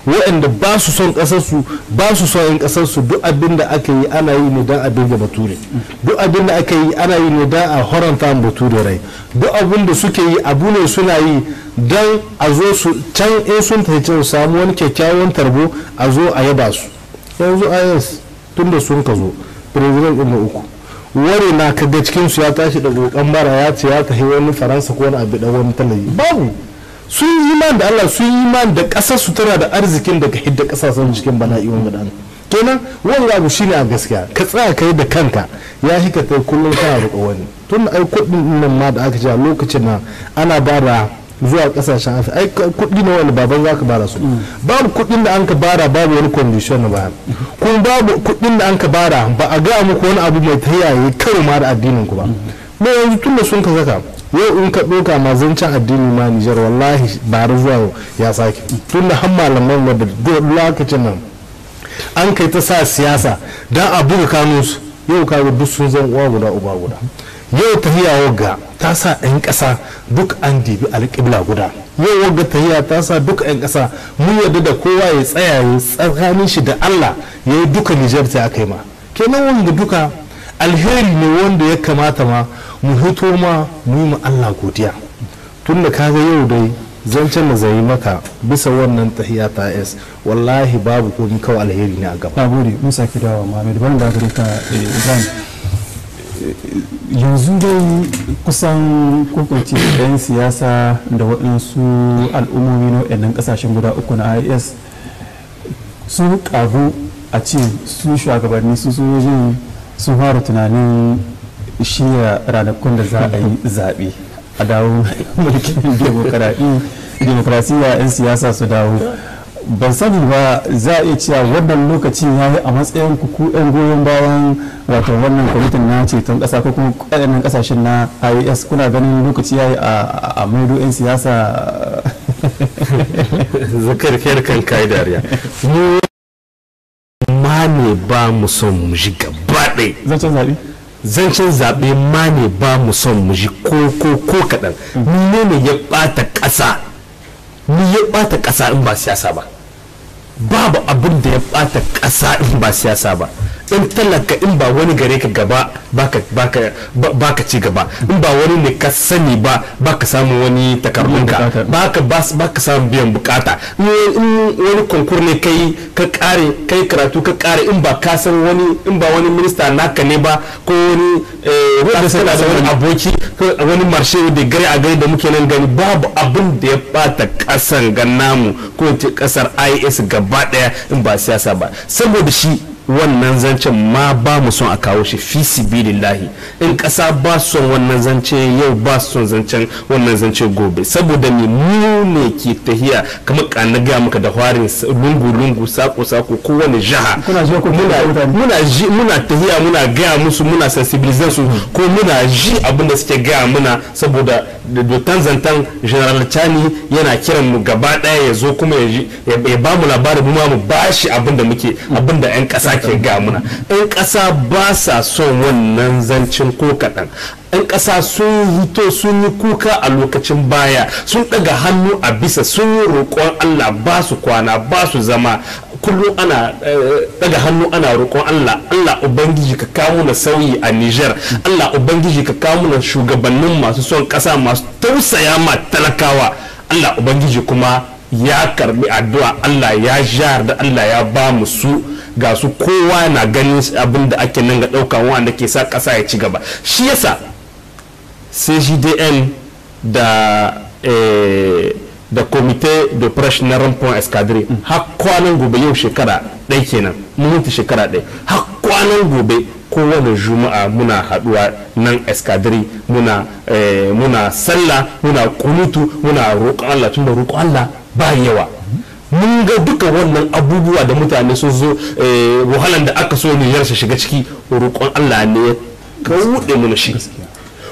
waɗanda ba su son ƙasarsu ba su son yan ƙasarsu duk abin da aka yi ana yi ne don a ga bature duk abin da aka yi ana yi ne don a horanta bature rai duk abin da suke yi abu ne suna yi don a zo su can in sun tafi samu wani kyakkyawan tarbo a zo a yaba su yanzu is tun da sun ka zo president ɗin na uku ware na kaga cikinsu ya tashi da ƙoƙon mara ya ce ya tafi wani faransa ko wani abu da wani talabi babu sun yi iman da Allah sun yi iman da ƙasar su tana da arzikin daga hidda ƙasashen cikin bala'i wanda da kenan wanga abu shine a gaskiya ka tsaya kai da kanka ya shi ka kai kullum kana da wani tun ai kuɗin nan ma da aka ce a lokacin na ana bara zuwa ƙasashen afi ai kuɗi ne wani baban za ka bara su babu kuɗin da an ka bara babu wani condition na bayan kuma babu kuɗin da an ka bara ba a gaya muku wani abu mai tayaye karo ma da addinin ku ba. Mai yanzu tun da sun ka zaka yau in ka ɗauka ma zancen addini ma nijar wallahi ba zuwa ya sake tun da har malaman wadda lokacin nan an kai ta sa siyasa don a buga kanunsu yau kawo duk sun zan uwa guda uba guda yau tahiya wagga ta sa 'yan ƙasa duk an dibi alƙibla guda yau wagga tahiya ta sa duk 'yan ƙasa mun yarda da kowa ya tsaya ya tsakanin shi da allah ya yi duka nijar ta aka yi ma kenan wanda duka alheri ne wanda ya kamata ma mu hito ma mu yi Allah godiya tun da kaga yau dai zancen da zai maka bisa wannan tahiya ta es wallahi babu komi kawo alheri ne a gaba babu ne mun saki dawa mai ban da gare ka eh, Ibrahim yanzu dai kusan kokoce yan siyasa da waɗansu al'ummomi na waɗannan ƙasashen guda uku na IS sun ƙaru a ce su shugabanni su sojojin sun fara tunanin shirya ranakun da za a yi zaɓe a dawo mulkin demokarasiyya 'yan siyasa su dawo ban sani ba za a iya cewa wannan lokacin ya yi a matsayin kuku 'yan goyon bayan wato wannan kwamitin na ceton ƙasa ko kuma ƙananan ƙasashen na ias kuna ganin lokaci ya yi a maido 'yan siyasa zakar kayar kan kai dariya mu ma ne ba mu son mu shiga kaɗai zancen zaɓe zancen zaɓe ma ne ba mu son mu ji ko ko ko kaɗan ne ne ya ɓata ƙasa ni ya ɓata ƙasa in ba siyasa ba babu abin da ya ɓata ƙasa in ba siyasa ba in talaka in ba wani gare ka gaba ba ka ci gaba in ba wani ne ka sani ba ka samu wani takardunka ba ka samu biyan bukata in wani konkur ne kai ka kare kai karatu ka kare in ba ka san wani in ba wani minista naka ne ba ko wani eh, wani aboki wani marshe da gare a gari da muke nan gani babu abin da ya bata kasan ga namu ko kasar is gaba daya in ba siyasa ba saboda shi wannan zancen ma ba mu son a kawo shi fi sibilillahi in kasa ba son wannan zance yau ba son zancen wannan zance gobe saboda ne mu ne ke tahiya kamar ƙanar ga muka da harin lungu-lungu sako-sako kowane jiha muna tahiya muna gaya musu muna sensibilizan su ko muna ji abin da suke gaya muna saboda dotan zantan general chani yana kiran mu gaba ɗaya ya zo kuma ya ba mu labarin mu ba shi abin muke abin da 'yan ƙasa sake gamuna in ƙasa ba sa son wannan zancin ko kaɗan in ƙasa sun hito sun yi kuka a lokacin baya sun ɗaga hannu a bisa sun yi roƙon allah ba su kwana ba su zama kullum ana daga eh, hannu ana roƙon Allah Allah ubangiji ka kawo na sauyi a Niger Allah ubangiji ka kawo na shugabannin masu son ƙasa masu tausaya ma talakawa Allah ubangiji kuma ya karbi addu'a Allah ya jihar da Allah ya ba mu su ga su kowa na ganin abin da ake nan ga ɗaukan wanda ke sa ƙasa ya ci gaba shi yasa sai da eh, da comité de presse na rampon escadre har kwanan gobe yau shekara ɗaya kenan mun shekara ɗaya har kwanan gobe kowane juma'a muna haduwa nan escadre muna eh, muna sallah muna kunutu muna roƙon Allah da roƙon Allah ba yawa mun ga duka wannan abubuwa da mutane sun zo eh, wahalan da aka so ne yarsa shiga ciki roƙon Allah ne ya kawuɗe mana shi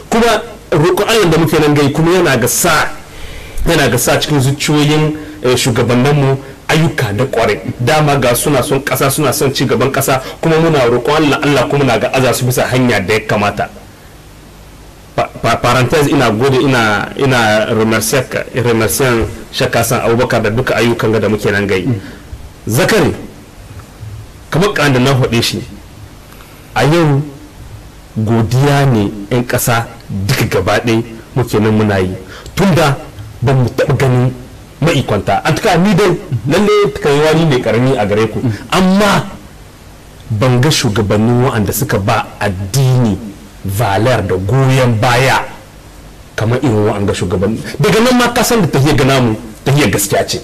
kuma roƙon Allah da muke nan gai kuma yana ga sa yana ga sa cikin zuciyoyin eh, shugabanninmu ayyuka da kwarai dama ga suna son ƙasa suna son ci gaban ƙasa kuma muna roƙon Allah Allah kuma na ga aza su bisa hanya da ya kamata parenthèse ina gode ina ina remercier shakasan abubakar da duka ayyukan ga da muke nan gai zakari kamar kan da na hode shi a yau godiya ne 'yan ƙasa duka gaba ɗaya muke nan muna yi tunda ban mu taɓa ganin ma'ikwanta an tuka ni dai lalle tuka wani mai karami a gare ku amma ban ga shugabannin waɗanda suka ba addini valer da goyon baya kamar irin ga shugaban daga nan ma kasan da tahiyar gana mu tahiyar gaskiya ce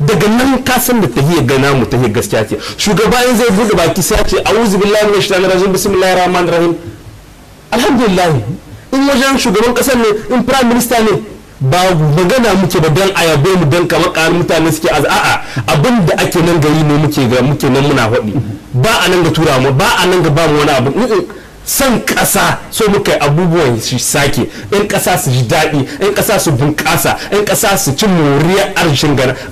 daga nan kasan da tahiyar gana mu tahiyar gaskiya ce shugaba in zai buɗe baki sai ce a'udhu billahi minash shaitanir rajim bismillahir rahmanir rahim alhamdulillah in wajen shugaban kasar ne in prime minister ne ba magana muke ba dan ayabe mu dan kamar ƙarar mutane suke a'a abin da ake nan gari ne muke ga muke nan muna haɗi ba a nan ga tura mu ba a nan ga ba mu wani abu son ƙasa so muka abubuwan shi sake in ƙasa su ji daɗi in ƙasa su bunƙasa in ƙasa su ci moriyar eh,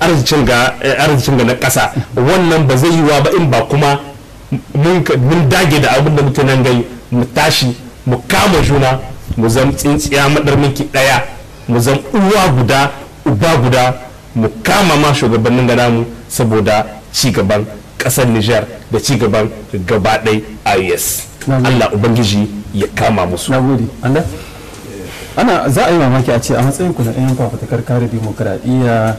arzikin ga na ƙasa wannan ba zai yiwa ba in ba kuma mun dage da abin da muke nan gai mu tashi mu kama juna mu zan tsintsiya minki ɗaya mu zan uwa guda uba guda mu kama ma shugabannin da namu saboda cigaban ƙasar nijar da cigaban gabaɗai ios Allah ubangiji ya kama musu nagode Allah ana za a yi mamaki a ce a matsayin ku na ɗan fafatakar kare demokradiyya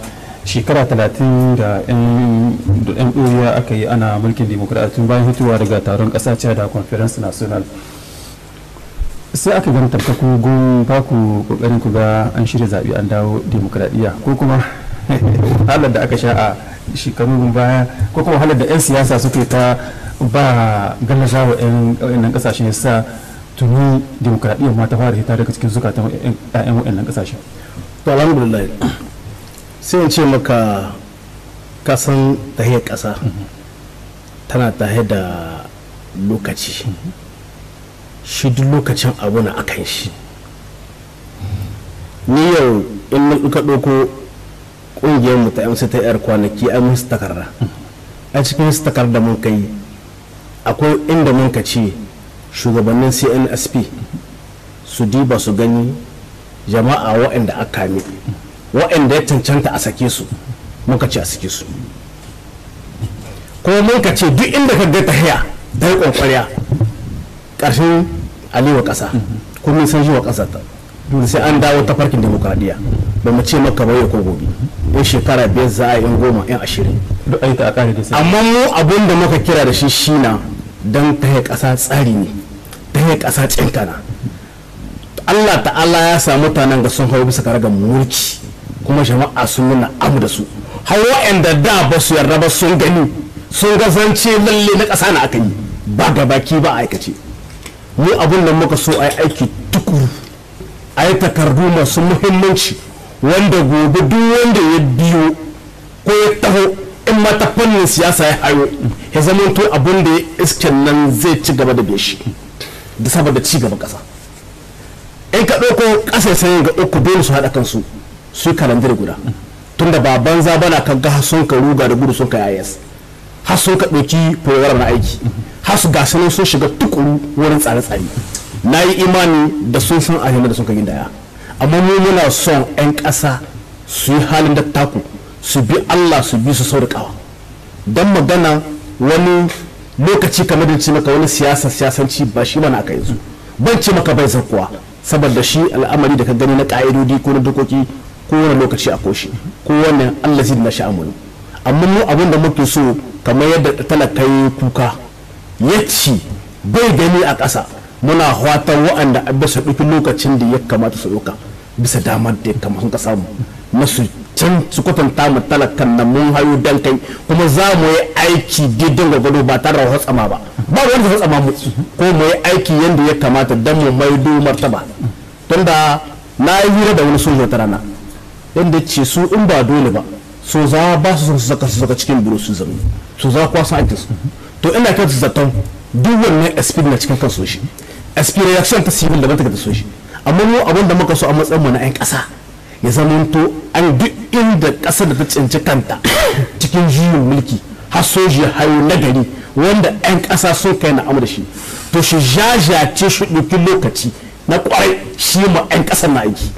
shekara talatin da ɗan ɗoriya aka yi ana mulkin tun bayan hitowa daga taron ƙasa da conference national sai aka gani tabtaku gun ba ku ƙoƙarin ku ga an shirya zaɓe an dawo demokradiyya ko kuma halar da aka sha a shekarun baya ko kuma halar da 'yan siyasa suke ta ba gallasha wa 'yan kasashe ya sa tuni demokradiyyar ma ta fara hita daga cikin zukatan 'yan wa'annan kasashe to alhamdulillah sai in ce maka kasan ta hiyar kasa tana tahiyar da lokaci shi duk lokacin abu na akan shi ni yau in ka ɗauko ƙungiyar mu ta yar kwanaki an musu takarda a cikin su takarda mun kai akwai inda mun ka ce shugabannin CNSP su diba su gani jama'a waɗanda aka kame waɗanda ya cancanta a sake su muka ce a sake su kuma mun ka ce duk inda ka ga ta haya dai ƙwarƙwarya ƙarshen aliwa ƙasa kuma san shi wa kasa ta sai an dawo ta farkin demokradiya ba mu ce maka bai ko gobe ko shekara biyar za a yi goma yan ashirin amma mu abun da muka kira da shi shina dan ta yi ƙasa tsari ne ta yi ƙasa tsinkana Allah ta'ala ya samu mutanen ga sun hau bisa karagar mulki kuma jama'a sun nuna abu da su har wa'anda da ba su yarda ba sun gani sun ga zance lalle na ƙasa na aka yi ba da baki ba a aikace mu abun da muka so a yi aiki tukuru a yi takardu masu muhimmanci wanda gobe duk wanda ya biyo ko ya taho in ma ta fannin siyasa ya hayo ya zama to abin da ya nan zai ci gaba da beshi da saboda ci gaba kasa in ka ɗauko sai ga uku dole su haɗa kansu su kalandar guda tunda baban banza bana kan ga sun ka ruga da gudu sun ka yayas har ka ɗauki program na aiki har su gasanin sun shiga tukuru wurin tsare-tsare na yi imani da sun san ahimar da sun ka ɗaya. amma mu muna son 'yan ƙasa su yi halin da taku su bi allah su bi su sauƙawa don magana wani lokaci kamar da ce maka wani siyasa siyasanci ba shi mana aka yanzu ban ce maka bai zarkuwa saboda shi al'amari da ka gani na ka'idodi ko na dokoki kowane lokaci a koshi kowane allah zai na sha'amuni amma mu abin da muke so kamar yadda talaka yi kuka ya ci bai gani a ƙasa muna fatan wa'anda su ɗauki lokacin da ya kamata su ɗauka bisa damar da ya kama sun ka samu na su can su kwatanta mu talakan na mun hayo dan kai kuma za mu yi aiki gidan gwagwado ba tare da hatsama ba ba da hatsama mu ko mu yi aiki yadda ya kamata dan mu mai do martaba tunda na yi hira da wani soja ta rana inda ce su in ba dole ba so za ba su son su saka su saka cikin biro su zama so za kuwa san aikinsu to ina kan su zaton duk wannan experience na cikin kan soshi experience ta civil daban ta da shi amma mu abin da muka so a matsayin mu na 'yan ƙasa ya zamanto an duk inda ƙasar da ta tsinci kanta cikin juyin mulki har soji hayo na gari wanda 'yan ƙasa sun kai na amur shi to shi jajace shi ɗauki lokaci na kwarai shi ma 'yan kasa na aiki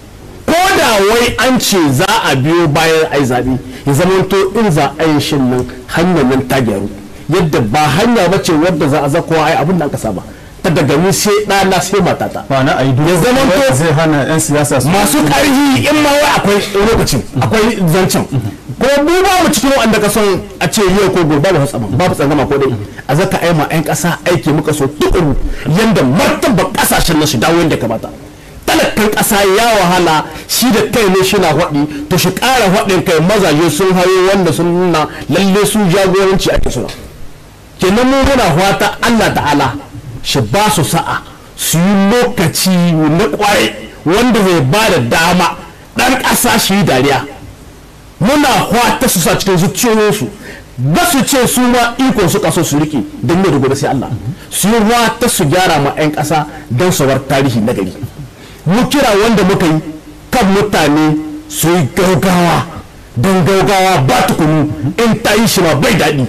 ko da wai an ce za a biyo bayan ai zaɓe ya zamanto in za a yi shin nan hanyar nan ta gyaru yadda ba hanya ba ce wadda za a zakowa ai abin da aka saba ta daga ni sai ɗana sai matata duk zama to zai hana yan siyasa masu ƙarfi in ma wai akwai lokacin akwai zancen ko mu ba mu cikin wanda ka son a ce yau ko gobe babu hatsama babu tsangama ko dai a zaka ai ma ƴan ƙasa aiki muka so tukuru yanda martaba ƙasashen nasu dawo yanda kamata talakan ƙasa ya wahala shi da kai ne shi na haɗi to shi ƙara haɗin kai mazaje sun hayo wanda sun nuna lalle su jagoranci ake suna kenan mu muna fata Allah ta'ala shi ba su sa'a su yi lokaci na kwarai wanda zai ba da dama ɗan ƙasa shi yi dariya muna hwata su sa cikin zuciyoyinsu ba su ce su ma ikon su kaso su rike don da gobe sai Allah su yi ta su gyara ma 'yan ƙasa don sawar tarihi nagari mu kira wanda muka yi kan mutane su yi gaugawa don gaugawa ba tukunu in ta yi shi ma bai daɗi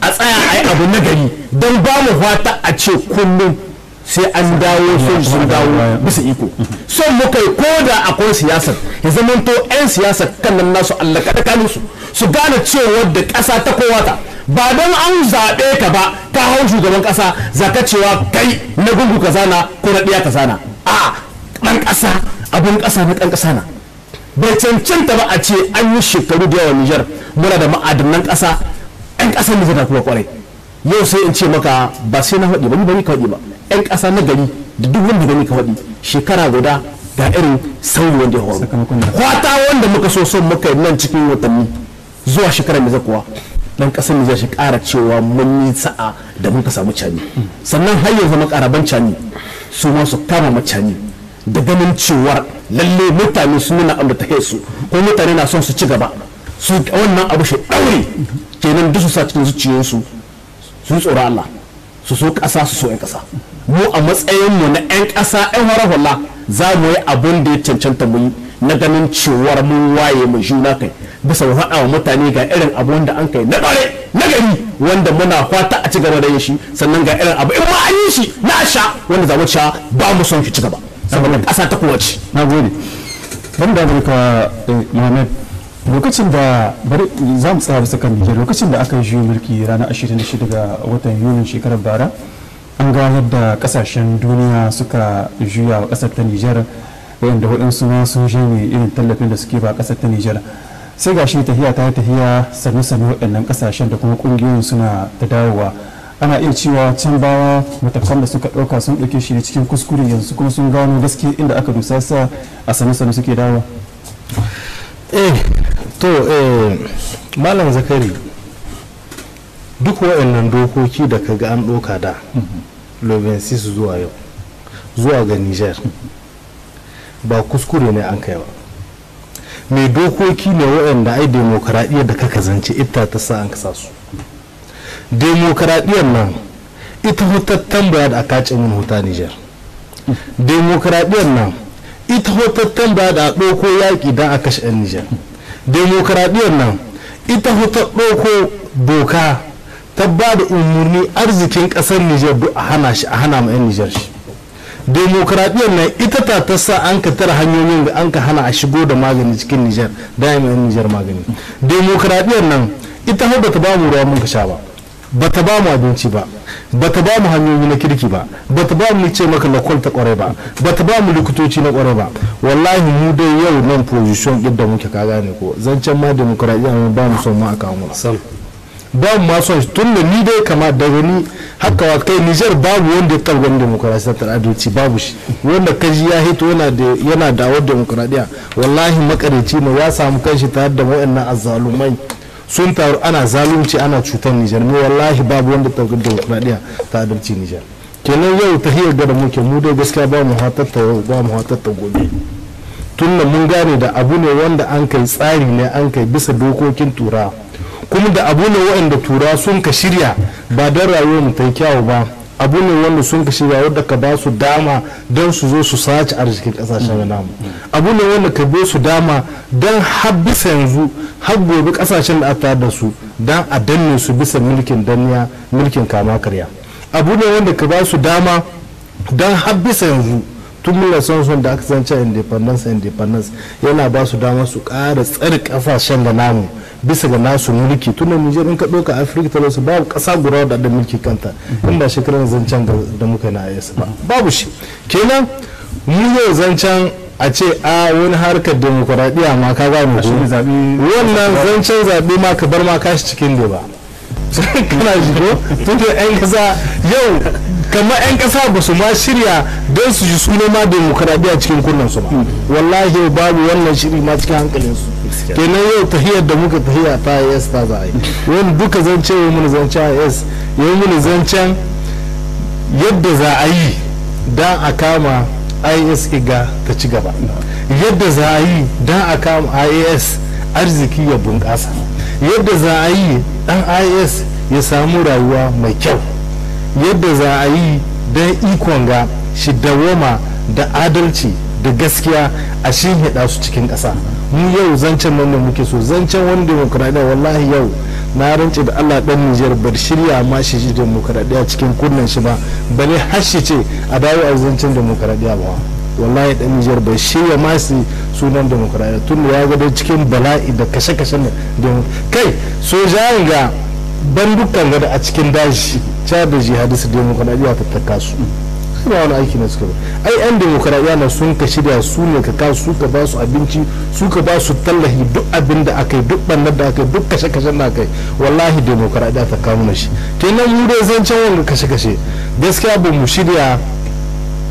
a tsaya a yi abu nagari don ba mu fata a ce kullum sai an dawo sun sun dawo bisa iko so mu yi ko da akwai siyasar ya zama to 'yan siyasar kan nan nasu allah kada kanu su gane cewa da ƙasa ta kowa ta ba don an zaɓe ka ba ka hau shugaban ƙasa zaka cewa kai na gungu kazana ko na ɗiya kazana a ɗan ƙasa abun ƙasa na ɗan ƙasa na bai cancanta ba a ce an yi shekaru da yawa Nijar muna da ma'adanan ƙasa ɗan ƙasa Nijar na kuma kwarai yau sai in ce maka ba sai na faɗi ba ni ba n'i ka faɗi ba ɗan ƙasa na gari da duk wanda gani ka faɗi shekara guda ga irin sauyi wanda ya faru kwata wanda muka so son muka yi nan cikin watanni zuwa shekara da kuwa dan ƙasar Nijar shi ƙara cewa mun yi sa'a da muka samu cani sannan har yanzu makaraban cani su ma su kama macani da ganin cewar lalle mutane sun nuna abu ta su ko mutane na son su ci gaba su wannan abu shi ɗaure kenan duk su sa cikin zuciyarsu sun tsoro Allah su so ƙasa su so ƴan ƙasa mu a matsayin mu na 'yan ƙasa 'yan harahulla za mu yi abun da ya cancanta mu yi na ganin cewar mun waye mu juna kai bisa mu faɗa wa mutane ga irin abu wanda an kai na ɗaure na gari wanda muna fata a ci gaba da yin shi sannan ga irin abu in ma an yi shi na sha wanda za mu sha ba mu son shi ci gaba saboda ƙasa ta kowace na gode ban da lokacin da bari za mu tsaya sakan nijar lokacin da aka yi mulki ranar 26 ga watan yunin shekarar bara an ga yadda kasashen duniya suka juya a kasar ta nijar yadda waɗansu ma sun ne irin tallafin da suke ba kasar ta nijar sai gashi tafiya ta tafiya sannu sannu waɗannan kasashen da kuma ƙungiyoyin suna ta dawowa ana iya cewa can bawa matakan da suka ɗauka sun ɗauke shi ne cikin kuskure yanzu kuma sun gano gaske inda aka dusa sa a sane-sane suke dawo eh to eh malam zakari duk waɗannan dokoki da kaga an ɗauka da lovensi su zuwa yau zuwa ga niger ba kuskure ne an kai ba mai dokoki ne waɗanda ai demokaradiyyar da kaka zance ita ta sa an kasa su demokaradiyyar nan ita hutar tambaya da aka ce min huta nijar demokaradiyyar nan ita hutar tambaya da a ɗauko yaƙi don a kashe 'yan nijar demokaradiyyar nan ita hutar ɗauko doka ta ba da umarni arzikin ƙasar nijar duk a hana shi a hana ma 'yan nijar shi demokradiyyar nan ita ta ta sa an ka tara hanyoyin da an ka hana a shigo da magani cikin nijar da 'yan nijar magani demokradiyyar nan ita hau ba ta ba mu ruwa mun ka sha ba ba ta ba mu abinci ba ba ta ba mu hanyoyi na kirki ba ba ta ba mu ce maka na ta kwarai ba ba ta ba mu likitoci na kwarai ba wallahi mu dai yau nan position din da muke ka ne ko zancen ma demokradiya mu ba mu son mu aka mu ba mu ma tun da ni dai kama daga ni haka wa kai Niger babu wanda ya targon demokradiya ta adalci babu shi wanda kaji ya hito yana da yana dawar demokradiya wallahi makareci ne ya samu kanshi tare da wayannan azzalumai sun taru ana zalunci ana cutar nijar mu wallahi babu wanda ta demokradiya ta adalci nijar kenan yau ta hiyar da muke mu dai gaskiya ba mu hatatta ba mu hatatta gobe tun da mun gane da abu ne wanda an kai tsari ne an kai bisa dokokin tura kuma da abu ne waɗanda tura sun ka shirya ba don rayuwar mu ta yi kyawu ba abu ne wanda sun ka shiga wadda ka ba su dama don su zo su sace arzikin kasashen namu abu ne wanda ka bi su dama don har bisa yanzu har gobe kasashen da aka da su don a danne su bisa mulkin danniya mulkin kama karya abu ne wanda ka ba su dama don har bisa yanzu tun muna son son da aka cewa independence independence yana ba su dama su ƙara tsare kasashen da namu bisa ga nasu mulki tun da nijar in ka ɗauka afirka talausu babu ƙasa guda da mulki kanta in ba shekarar zancen da muka na is ba babu shi kenan mu yau zancen a ce a wani harkar demokuraɗiyya ma ka gane wannan zancen zaɓe ma ka bar ma kashi cikin da ba kana shigo tun yan kasa yau kamar yan kasa ba su ma shirya don su ji suna ma demokaradiyya cikin kunnen su ba wallahi babu wannan shiri ma cikin hankalin su kenan yau tahiyar da muka tahiya ta yes ta za a yi wani duka zance yi mun zancen yes yi mun zancen yadda za a yi don a kama is iga ta ci gaba yadda za a yi don a kama is arziki ya bunƙasa yadda za a yi dan is ya samu rayuwa mai kyau yadda za a yi don ikon ga shi dawoma da adalci da gaskiya a shi hida su cikin ƙasa mu yau zancen nan da muke so zancen wani demokuraɗiyya wallahi yau na rance da allah ɗan nijar bar shirya ma shi ji demokuraɗiyya cikin kunnen shi ba bane har shi ce a dawo a zancen demokuraɗiyya ba wallahi dan Nijar bai shirya ma su sunan demokradiyya tun da ya gado cikin bala'i da kashe-kashe ne kai sojan ga bandukan gada a cikin daji ca da jihadisu demokradiyya ta taka su ba wani aiki na suka ai yan demokradiyya na sun ka shirya su ne ka kasu su ka ba su abinci su ka ba su tallahi duk abin da aka yi duk bannar da aka yi duk kashe-kashen da aka yi wallahi demokradiyya ta kawo na shi kenan mu dai zancen wanga kashe-kashe gaskiya ba mu shirya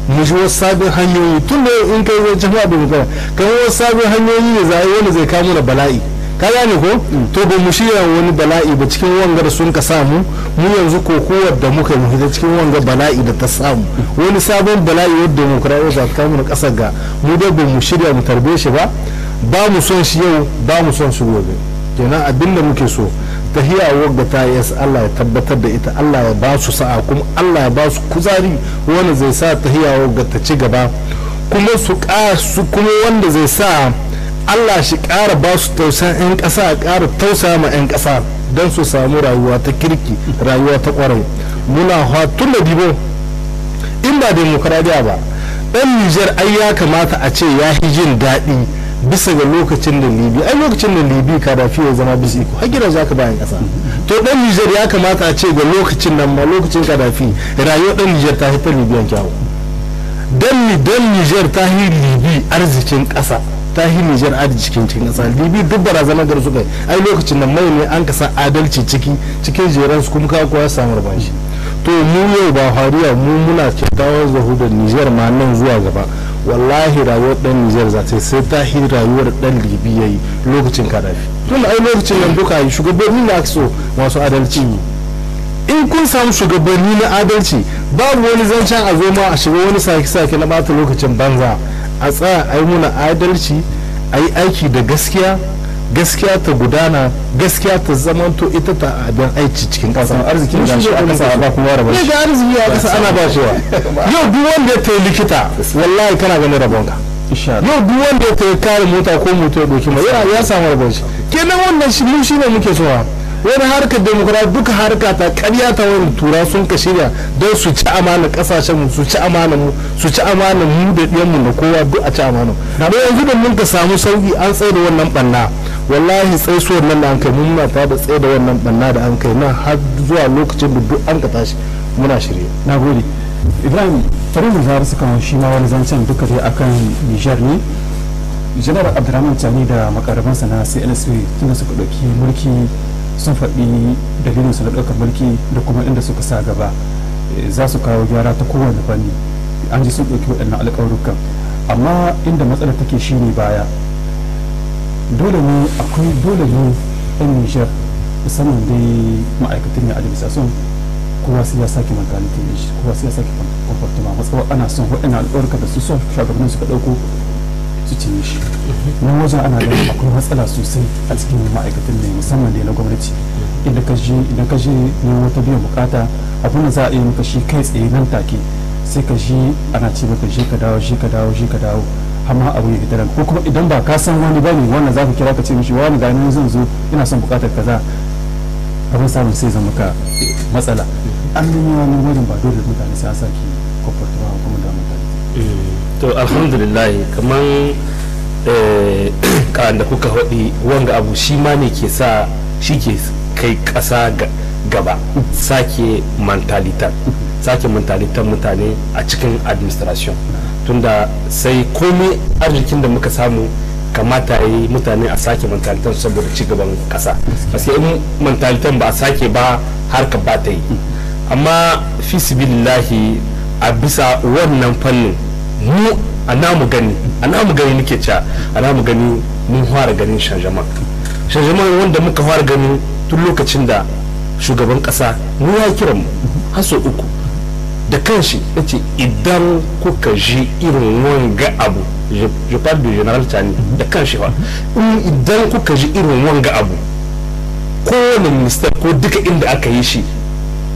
mu shi wasu sabin hanyoyi tun da in kai zai jama'a da magana kamar wasu sabin hanyoyi ne zai wani zai kamo na bala'i ka gane ko to ba mu shirya wani bala'i ba cikin wangar sun ka samu mu yanzu kowar da muka yi fita cikin wangar bala'i da ta samu wani sabon bala'i wadda demokuraɗiyya za ta kamo na ƙasar ga mu dai ba mu shirya mu tarbe shi ba ba mu son shi yau ba mu son shi gobe kenan abin da muke so tahiya da ta yi Allah ya tabbatar da ita Allah ya ba su sa'a kuma Allah ya ba su kuzari wanda zai sa tahiya ga ta ci gaba kuma su su kuma wanda zai sa Allah shi ƙara ba su tausan 'yan ƙasa ƙara tausa ma 'yan ƙasa don su samu rayuwa ta kirki rayuwa ta kwarai muna tun da dibo in ba demokaradiya ba ɗan Nijar ai ya kamata a ce ya jin daɗi bisa ga lokacin da libi ai lokacin da libi kadafi ya zama bisa iko hakira za ka bayan kasa to dan nijar ya kamata a ce ga lokacin nan ma lokacin kadafi rayuwar dan nijar ta haifar libiyan kyawu dan ni dan nijar ta hi libi arzikin kasa ta hi nijar arzikin cikin kasa libi duk barazanar su suka ai lokacin nan mai ne an kasa adalci ciki cikin jeran su kuma kawo ya samu rabanshi to mu yau ba hariya mu muna kyakkyawar zahu da nijar ma nan zuwa gaba wallahi rayuwar dan Nijar za ta sai ta hi rayuwar dan Libi yi lokacin kadafi tun ai lokacin nan duka yi shugabanni na so masu adalci ne in kun samu shugabanni na adalci babu wani zancen a zo ma a shiga wani sake-sake na bata lokacin banza a tsaya ai muna adalci ai aiki da gaskiya gaskiya ta gudana gaskiya ta zamanto ita ta abin aiki cikin kasa arziki da shi a kasa ba kuma raba shi ga arziki a kasa ana ba shi wa yau duk wanda ya tayi likita wallahi kana ganin rabon ka yau duk wanda ya tayi kare mota ko mota ya doki ma yana ya samu rabon shi kenan wannan shi mu ne muke so wani harkar demokrasi duka harka ta karya ta wani tura sun ka shirya don su ci amana kasashen mu su ci amana mu su ci amana mu da ɗiyan mu da kowa duk a ci amana da yanzu da mun ka samu sauki an tsaye da wannan banna wallahi tsaisuwar nan da an kai mun mata da tsaye da wannan banna da an kai nan har zuwa lokacin da duk an ka tashi muna shirye na gode ibrahim tare da zarar suka shi ma wani zancen duka dai akan nijar ne janar abdurrahman tani da makarabansa na clsv tunda suka ɗauki mulki sun faɗi dalilin su na ɗaukar mulki da kuma inda suka sa gaba eh, za su kawo gyara ta kowane fanni an ji sun ɗauki waɗannan alƙawarukan amma inda matsalar take shine baya dole ne akwai dole ne yan nishar musamman dai ma'aikatan ne administration kowa sai ya sake mentality ne shi kowa sai ya sake ma matsawa ana son waɗanda alƙawarka da su shugabannin suka ɗauko su cinye shi nan wajen ana da akwai matsala sosai a cikin ma'aikatan ne musamman da na gwamnati idan ka je idan ka je ne wata biyan bukata abin da za a yi maka shi kai tsaye nan take sai ka shi ana ce maka je ka dawo je ka dawo je ka dawo amma abu ya idan ko kuma idan ba ka san wani bane wannan zaka kira ka ce mishi wani ga nan zan zo ina son bukatar kaza abin samun sai zama ka matsala an yi wani wajen ba dole mutane sai a saki kwakwatuwa kuma da mutane eh, to alhamdulillah kaman ka eh, da kuka haɗi wanga abu shi ma ne ke sa shi ke kai ƙasa gaba sake mentalitan sake mentalitan mutane a cikin administration tunda sai komai arzikin da muka samu kamata ya yi mutane a sake mantalitan saboda cigaban kasa gaskiya in mantalitan ba a sake ba harka ba ta yi amma fi lahi a bisa wannan fannin mu a namu gani a namu gani nake ca a namu gani mun fara ganin shanjaman shanjaman wanda muka fara ganin tun lokacin da shugaban kasa mu ya kiran mu har uku da kanshi ya ce idan kuka ji irin wanga abu je parle du general tani da kanshi ba idan kuka ji irin wanga abu kowane minister ko duka inda aka yi shi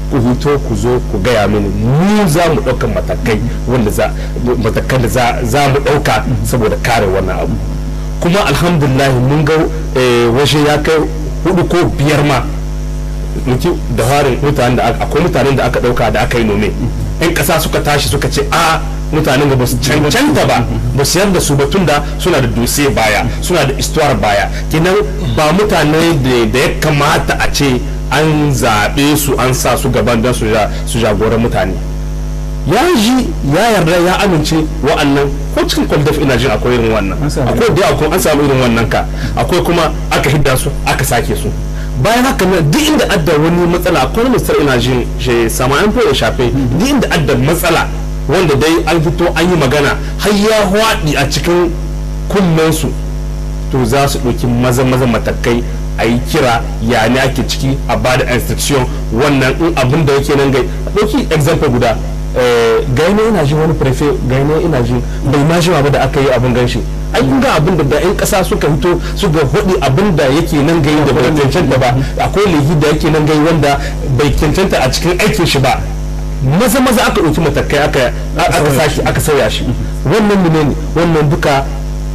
ku hito ku zo ku gaya mini mu za mu ɗaukan matakai wanda za matakan da za mu ɗauka saboda kare wannan abu kuma alhamdulillah mun ga eh, waje ya kai hudu ko biyar ma da harin mutanen da akwai mutanen da aka ɗauka da aka yi nome 'yan ƙasa suka tashi suka ce a mutanen ga basu cancanta ba ba su yarda su batun da suna da dosiye baya suna da istuwar baya kenan ba mutane da ya kamata a ce an zaɓe su an sa su gaban don su jagoran mutane ya ji ya yarda ya amince wa'annan ko cikin kwaldaf ina jin akwai irin wannan akwai da akwai an samu irin wannan ka akwai kuma aka hidda su aka sake su bayan haka nan duk inda adda wani matsala akwai ministar ina jin shi sama yan fiye shafe duk inda adda matsala wanda dai an fito an yi magana har ya hwaɗi a cikin kunnensu to za su ɗauki maza maza matakai a yi kira ya ne ake ciki a ba da instruction wannan in abin da yake nan gai ɗauki example guda eh, gaino ina jin wani prefe gaino ina jin bai ma ba da aka yi abin ganshi ai kun ga abin da yan ƙasa suka fito ga hudu abin da yake nan gai da bai cancanta ba akwai lehi da yake nan gai wanda bai cancanta a cikin aikin shi ba maza maza aka ɗauki matakai aka sashi aka sauya shi wannan ne wannan duka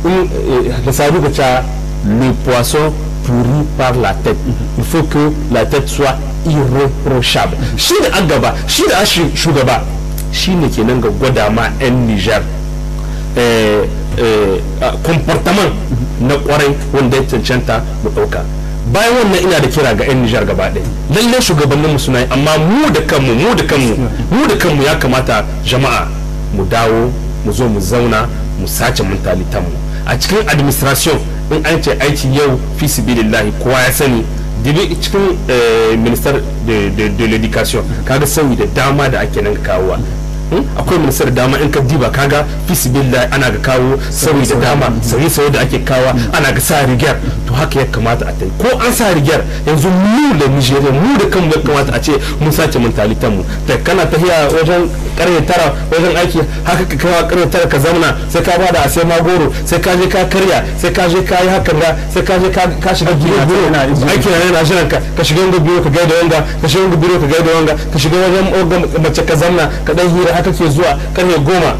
in eh, da sabu ga ca le poisson pourri par la tête il faut que la tête soit irréprochable shi da an gaba shi da shugaba shi ne kenan ga gwada ma 'yan nijar Eh, eh, comportement na kwarai wanda ya cancanta mu ɗauka bayan wannan ina da kira ga 'yan nijar gaba ɗaya lallai shugabannin mu suna amma mu da kanmu mu da kanmu mu da kanmu ya kamata jama'a mu dawo mu zo mu zauna mu sace mu a cikin administration in an ce aiki yau fi sibilillahi kowa ya sani dibi cikin eh, minister de l'education kaga sauyi da dama da ake nan kawowa akwai ministar dama in ka diba kaga fisibilla ana ga kawo sauyi da dama sauye sauye da ake kawa ana ga sa rigar to haka ya kamata a tai ko an sa rigar yanzu mu da nigeria mu da kanmu ya kamata a ce mun sace mentalitan mu ta kana tafiya wajen karfe tara wajen aiki haka ka kawo karfe tara ka zamana sai ka bada sai magoro sai ka je ka karya sai ka je ka yi hakan da sai ka je ka shiga gida aiki na yana shirin ka ka shiga wanga biro ka gaida wanga ka shiga wanga biro ka gaida wanga ka shiga wajen mace ka zamana ka dan hira sana'a kake zuwa karfe goma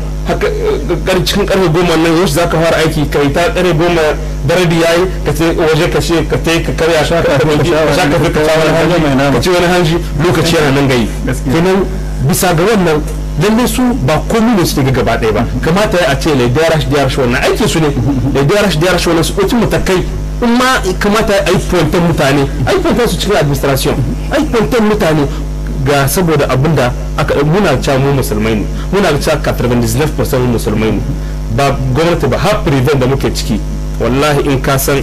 cikin karfe goma nan yau za ka fara aiki ka yi ta karfe goma daradi ya yi ka ce waje ka ce ka ta ka karya sha ka rubuki sha ka fi ka tsawon hanji ka ce wani hanji lokaci yana nan gayi kenan bisa ga wannan lalle su ba komi ne suke gaba ɗaya ba mm-hmm. kamata ya a ce lai dayar shi dayar shi wannan aiki su ne mm-hmm. lai dayar shi dayar shi wannan su ɗauki matakai kuma ma kamata a yi pointar mutane a yi su cikin administration a yi mutane ga saboda abinda aka muna cewa mu musulmai ne muna cewa person musulmai ne ba gwamnati ba ha prevent da muke ciki wallahi in ka san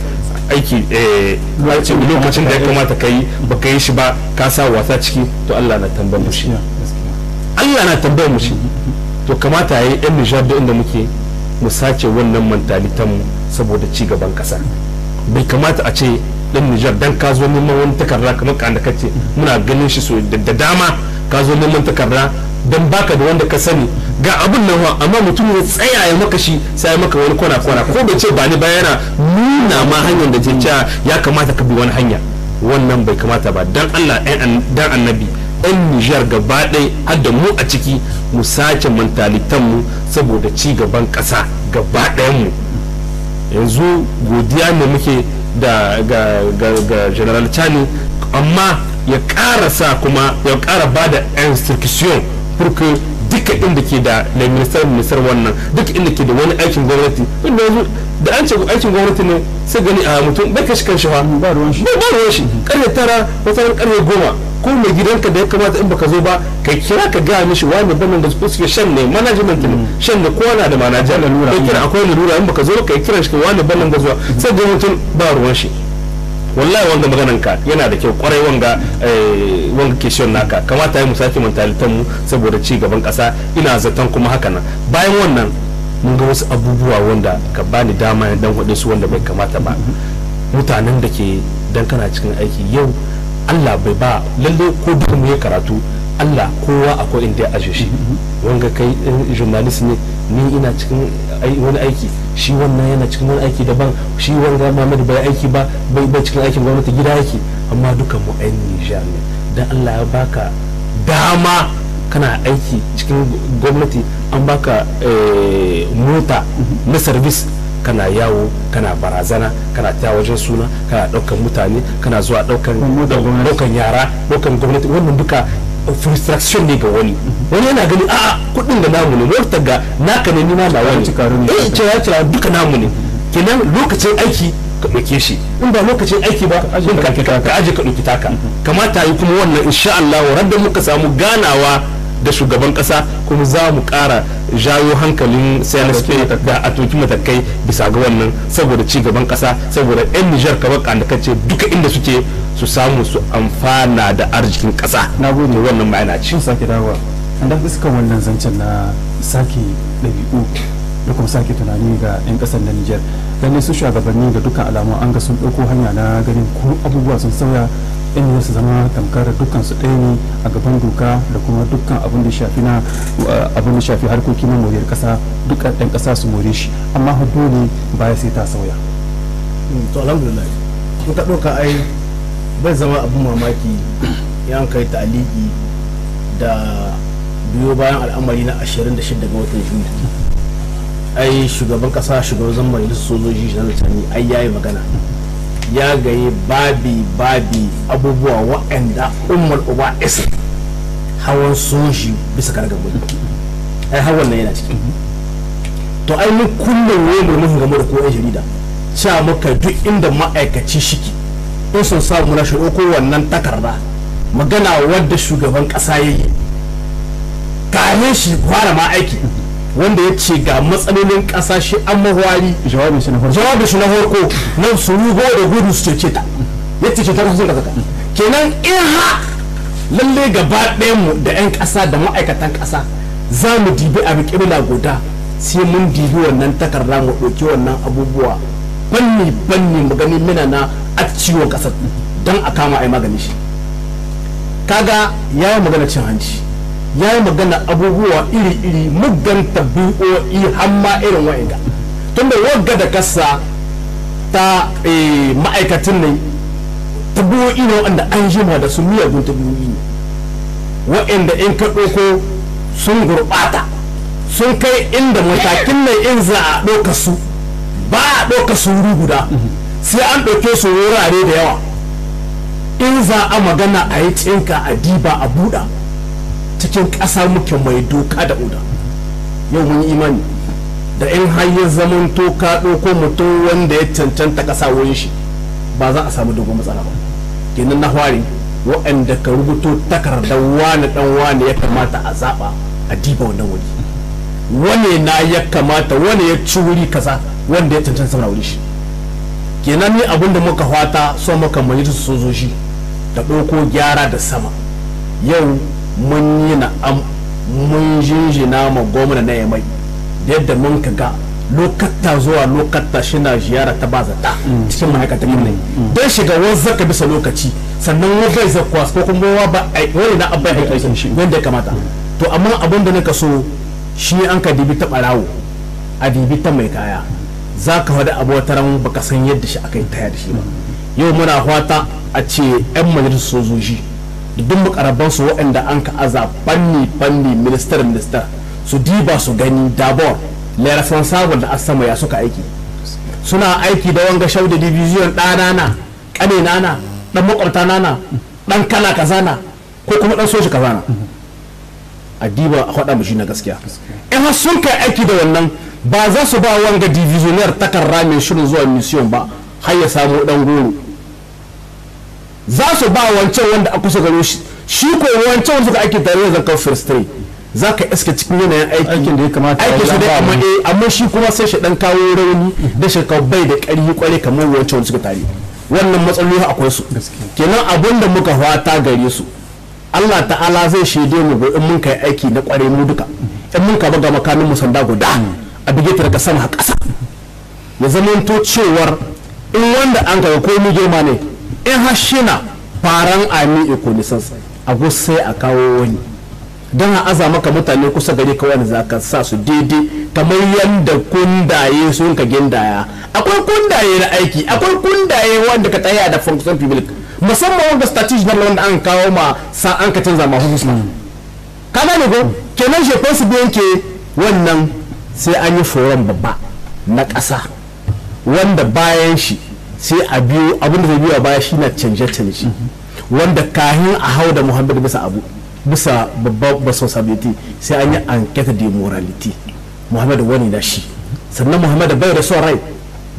aiki eh, lokacin da ya kamata ka yi ba ka yi shi ba ka sa wasa ciki to Allah na tambayar mu shi Allah na tambar mu shi to kamata yi yan da inda muke mu sace wannan mentalitan mu saboda ci gaban kasa bai kamata a ce dan Nijar dan ka zo neman wani takarda kamar kan da muna ganin shi so da dama ka zo neman takarda dan baka da wanda ka sani ga abun nan wa amma mutum ya tsaya ya maka shi sai ya maka wani kwana kwana ko bai ce ba ni ba yana nuna ma hanyar da jinja ya kamata ka bi wani hanya wannan bai kamata ba dan Allah dan annabi yan Nijar gaba ɗaya har da mu a ciki mu sace mu saboda ci gaban ƙasa gaba mu yanzu godiya ne muke da ga, ga, general chani amma ya ƙara sa kuma ya ƙara ba da instruction duka inda ke da ministar wannan duk inda ke da wani aikin gwamnati da an ce aikin gwamnati ne sai gani a mutum bai kashi kan shafa ba ruwan shi ba ruwan shi karfe tara wata ran karfe goma ko mai gidanka da ya kamata in baka zo ba ka kira ka gaya mishi wani bannan da suke shan ne management ne mm. shan ne kowa na da manajan lalura kai kira akwai lura in baka zo ka kira shi wani banan da zuwa sai ga mutum ba ruwan shi wallahi wanga maganan ka yana da kyau kwarai wanga eh, wanga kishiyon naka kamata ya mu sake mentalitan mu saboda ci gaban kasa ina zaton kuma haka nan bayan wannan mun ga wasu abubuwa wanda ka bani dama dan hudu su wanda bai kamata ba mutanen da ke dan kana cikin aiki yau Allah bai ba lalle ko duka mu ya karatu Allah kowa akwai inda ya ashe shi wanga kai eh, journalist ne ni ina cikin wani aiki shi wannan yana cikin wani aiki daban shi wanga Muhammad bai aiki ba bai bai cikin aikin gwamnati gida yake amma dukan mu ainihin Nijar don Allah ya baka dama kana aiki cikin gwamnati an baka eh, mota na service kana yawo kana barazana kana ta wajen suna kana daukan mutane kana zuwa daukan yara daukan gwamnati wannan duka frustration ne ga wani wani yana gani a'a kudin da namu ne motar ga naka ne nima na wani ce ya eh, cewa duka namu ne kenan lokacin aiki ka ɗauke shi in ba lokacin aiki ba ka aje ka ɗauki taka kamata yi kuma wannan insha Allah radda muka samu ganawa da shugaban kasa kuma za mu kara jawo hankalin cnsp da a toki matakai bisa ga wannan saboda ci gaban kasa saboda yan nijar kamar kace duka inda suke su samu su amfana da arzikin kasa na gode wannan ma'ana ci sake dawowa an da fuskan wannan zancen na sake ɗabi'u da kuma sake tunani ga 'yan kasar na Nijar. Lallai su shugabanni da dukkan alamu an ga sun ɗauko hanya na ganin ko abubuwa sun sauya yan su zama tamkar dukkan su ɗaya ne a gaban doka da kuma dukkan abin da shafi na eh, abin da shafi na moriyar ƙasa dukkan ɗan ƙasa su more shi amma ne baya sai ta sauya hmm, to alhamdulillah ka ɗauka ai bai zama abin mamaki yan kai ta'aliki da biyo bayan al'amari na 26 ga watan juni ai shugaban ƙasa shugaban majalisar sojoji shi na ai yayi magana ya gaye babi babi abubuwa waɗanda umar uba isa hawan soji bisa karga gudu ai hawan na yana ciki to ai mu kullum ne mu mun ga murko ai jarida cewa muka duk inda ma'aikaci shiki in sun samu na shiro ko wannan takarda magana wadda shugaban kasa yayi kare shi fara ma aiki wanda ya ce ga matsalolin ƙasa an mahwari jawabin shi na farko na su rugo da gudu su ce ta ya ce ta kusan ƙasa kenan in ha lalle gaba ɗayan mu da 'yan ƙasa da ma'aikatan ƙasa za mu dibi a ƙibla guda sai mun dibi wannan takarda mu ɗauki wannan abubuwa banni banni mu gani mina na a ciwon ƙasar don a kama a yi magani shi kaga ya magana cin hanci ya yi magana abubuwa iri-iri muggan tabi'o'i hamma irin wa'inda tunda wagga da kasa ta eh, ma'aikatan nan tabi'o'i ne wanda an jima da su miyagun tabi'o'i ne wa'inda in ka sun gurɓata sun kai inda matakin nan in za a ɗauka su ba a ɗauka su wuri guda sai an ɗauke su wurare da yawa in za a magana a yi tsinka a diba a buɗa cikin ƙasa muke mai doka da oda yau mun yi imani da in hanyar ya zamanto ka ɗauko mutum wanda ya cancanta ƙasa wurin shi ba za a samu dogon matsala ba kenan na hwari waɗanda ka rubuto takardar wani ɗan wani ya kamata a zaɓa a diba wannan wuri wane na ya kamata wane ya ci wuri kasa wanda ya cancanta saboda wuri shi kenan ni abin da muka fata so muka majalisa sun zo shi da ɗauko gyara da sama yau mun yi na'am mun jinjina ma gwamna na yamai yadda mun kaga lokata zuwa shi shina ziyara ta ba zata cikin ma'aikatan nan mm, mm, mm. don shiga wanzar ka bisa lokaci sannan wani zai kwas ko kuma wa ba wani na abai haƙƙin shi wanda ya kamata to amma abin da ka so shi an ka dibi ta barawo a dibi ta mai kaya za ka faɗi abotaran baka san yadda shi aka yi tayar shi ba yau muna fata a ce 'yan majalisar sojoji da duk waɗanda an ka aza fanni fanni minister minister su diba su gani dabor le responsable da asama ya suka aiki suna aiki da wanga shau da division ɗana na ƙane na ɗan makwabta na ɗan kala kaza na ko kuma ɗan soshi kaza na a diba a faɗa mishi na gaskiya in har sun kai aiki da wannan ba za su ba wanga divisionaire takarra mai shirin zuwa mission ba har ya samu ɗan goro za su ba wancan wanda a kusa gano shi shi ko wancan wanda suka aiki tare da zankan first three za ka iska cikin yanayin aikin da ya kamata aiki su dai amma eh amma shi kuma sai shi dan kawo rauni da shi bai da ƙarfi kwarai kamar wancan wanda suka tare wannan matsaloli akwai su kenan abin da muka fata gare su Allah ta'ala zai shaide mu in mun kai aiki na kware mu duka in mun ka buga makamin mu sanda guda a bige ta daga sama ƙasa ya zamanto cewar in wanda an ga ko mu girma ne in hashina faran ami ikonisan a sai a kawo wani don a aza maka mutane kusa gari ka wani za sa su daidai kamar yadda kundaye sun ka gindaya akwai kundaye na aiki akwai kundaye wanda ka tsaya da function public musamman wanda status na wanda an kawo ma sa an ka canza ma hukusa kana ne ko kenan shekwan su yanke wannan sai an yi foron babba na ƙasa wanda bayan shi sai a biyo abin da zai biyo baya shi na canje-canje wanda kahin a hau da muhammad bisa abu bisa babban responsibility sai an yi enquete de morality muhammad wani na shi sannan muhammad bai da son rai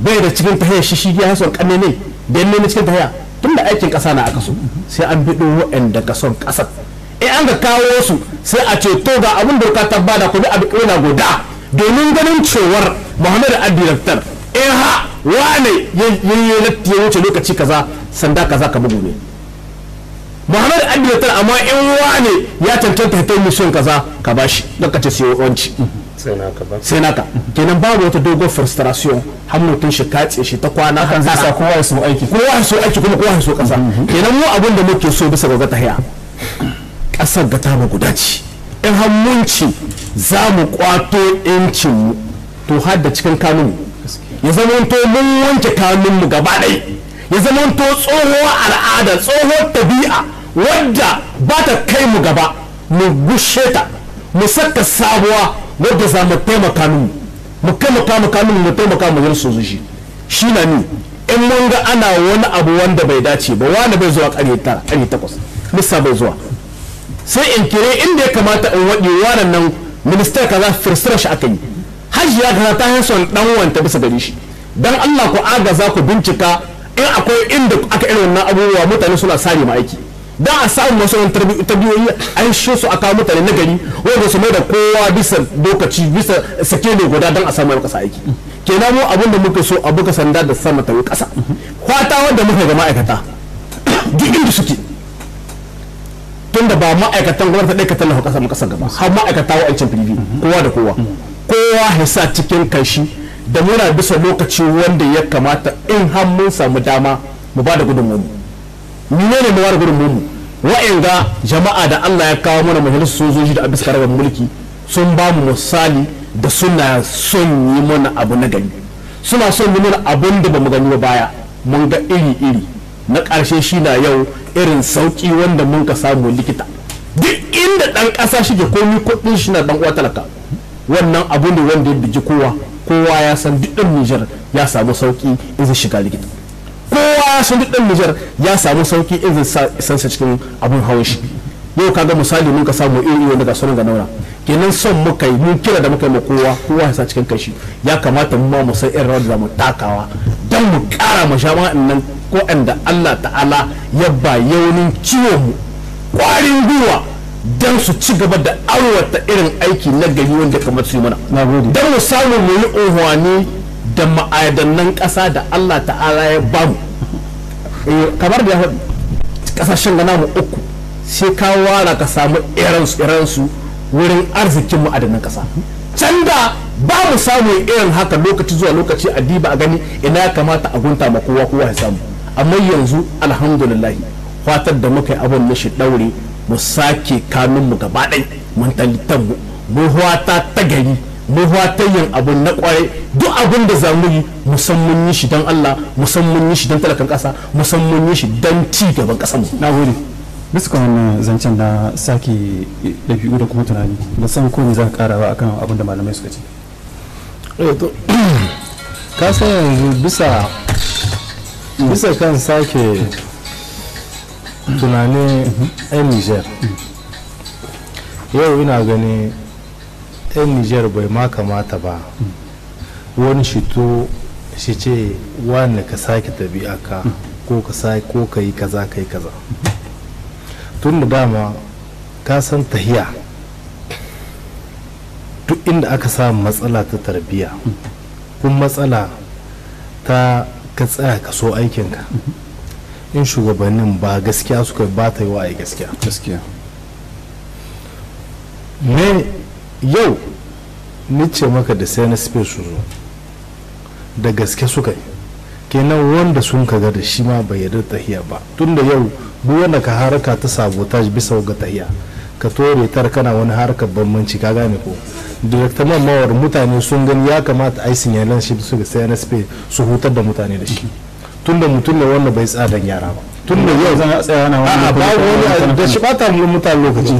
bai da cikin tahiyar shi shi ya son kanne ne da ne cikin tahiya tun da aikin kasa na aka so sai an bido waɗanda ka son kasar in an ga kawo su sai a ce to ga abin da ka tabbada ku bi abin goda domin ganin cewar muhammad addiraktar in eh ha wane ya wuce lokaci kaza sanda kaza ka bugu ne muhammad abdulatar amma in wane ya cancanta hitar mission kaza ka bashi shi lokacin ce wanci sai naka kenan babu wata dogon frustration har mutum shi katse shi ta kwana kan zai sa kowa ya so aiki kowa ya so aiki kuma kowa ya so kasa kenan mu abin da muke so bisa ga ta haya kasar ga ta guda ce in har mun za mu kwato 'yancin mu to har da cikin kanunmu ya zama to mun wanke kanunmu gaba ɗai ya zama to tsohuwar al'ada tsohuwar tabi'a wadda ba ta kai mu gaba mu gushe ta mu saka sabuwa wadda za mu taimaka mu mu taimaka mu kanunmu mu taimaka mu yarsu zuci shi na ni in mun ga ana wani abu wanda bai dace ba wani bai zuwa ƙarfe takwas lissa bai zuwa sai in kire inda ya kamata in waɗi wannan minista kaza firsirar shi aka yi ya kaza ta yi son dan wanta bisa gari shi dan Allah ku agaza ku bincika in akwai inda aka irin wannan abubuwa mutane suna sare ma aiki da a samu masarar tarbiyoyi an shi su kawo mutane na gari wanda su mai da kowa bisa lokaci bisa sake ne guda don a samu yau kasa aiki kenan mu abin da muka so a buka sanda da sama ta kasa kwata wanda muka ga ma'aikata duk inda suke da ba ma'aikatan gwamnati ɗaya ka tallafa kasa mu kasa gaba har ma'aikata wa'ancan fili kowa da kowa kowa ya sa cikin kashi da muna bisa lokaci wanda ya kamata in har mun samu dama mu ba da gudunmu mu ne ne mu ba da gudunmu jama'a da Allah ya kawo mana majalisar sojoji da bisa karabar mulki sun ba mu misali da suna son yi mana abu na gani suna son yi mana abin da ba mu gani ba baya mun ga iri iri na karshe shi na yau irin sauki wanda mun ka samu likita duk inda ɗan ƙasa shi ke komi kudin shi na ɗan uwa talaka wannan abu ne wanda ya bigi kowa kowa ya san duk nijar ya samu sauki in zai shiga likita kowa ya san duk nijar ya samu sauki in zai sansa cikin abun hawan shi yau ga misali mun ka samu iri wanda ga sunan ga naura kenan son muka yi mun kira da muka yi ma kowa kowa ya sa cikin kashi ya kamata mu ma mu san irin rawar da mu takawa dan mu kara ma jama'an nan ko Allah ta'ala ya ba yaunin ciwon mu kwarin gwiwa don su ci gaba da arwata irin aiki na gari wanda kamar su mana don mu samu mu yi da ma'adanan ƙasa da Allah ta'ala ya bamu eh, kamar da ya ƙasashen gana mu uku sai ka wara ka samu iransu wurin arzikin ma'adanan ƙasa can da ba mu samu irin haka lokaci zuwa lokaci a diba a gani ina ya kamata a gunta ma kowa kowa ya samu amma yanzu alhamdulillahi fatar da muka yi abin na shi daure mu sake kanunmu gaba ɗai mun ɗalitan mu mu ta ta gari mu ta yin abu na kwarai duk abun da za mu yi mu san mun yi shi don Allah mu san mun yi shi don talakan ƙasa mu san mun yi shi don ci gaban ƙasar mu na gode bisa wannan zancen da sake ɗabi'u da kuma tunani da san ko ne za ka ƙara ba akan abun da malamai suka ce eh, ka san yanzu bisa bisa kan sake tunanin 'yan nijar yau ina gani 'yan nijar bai ma kamata ba wani shito shi ce wani ka sake tabi'a ka ko ka sake ko ka yi kaza ka yi kaza tun da dama ka san tahiya duk inda aka samu matsala ta tarbiyya kun matsala ta ka tsaya ka so aikinka in shugabannin ba gaskiya suka ba ta yi wa gaskiya gaskiya me yau nice maka da sai na space su zo da gaske suka yi kenan wanda sun kaga da shi ma bai yarda tahiya ba tun da yau duk wanda ka haraka ta sabotage bisa ga tahiya ka tore tar kana wani harkar bambanci ka gane ko direkta mawar mutane sun gani ya kamata a yi sinyalan shi su ga sai na space su hutar da mutane da shi tunda mutum ne wanda bai tsadan yara ba tun da yau zan tsaya ana wani ba wani da shi bata mu mutane lokaci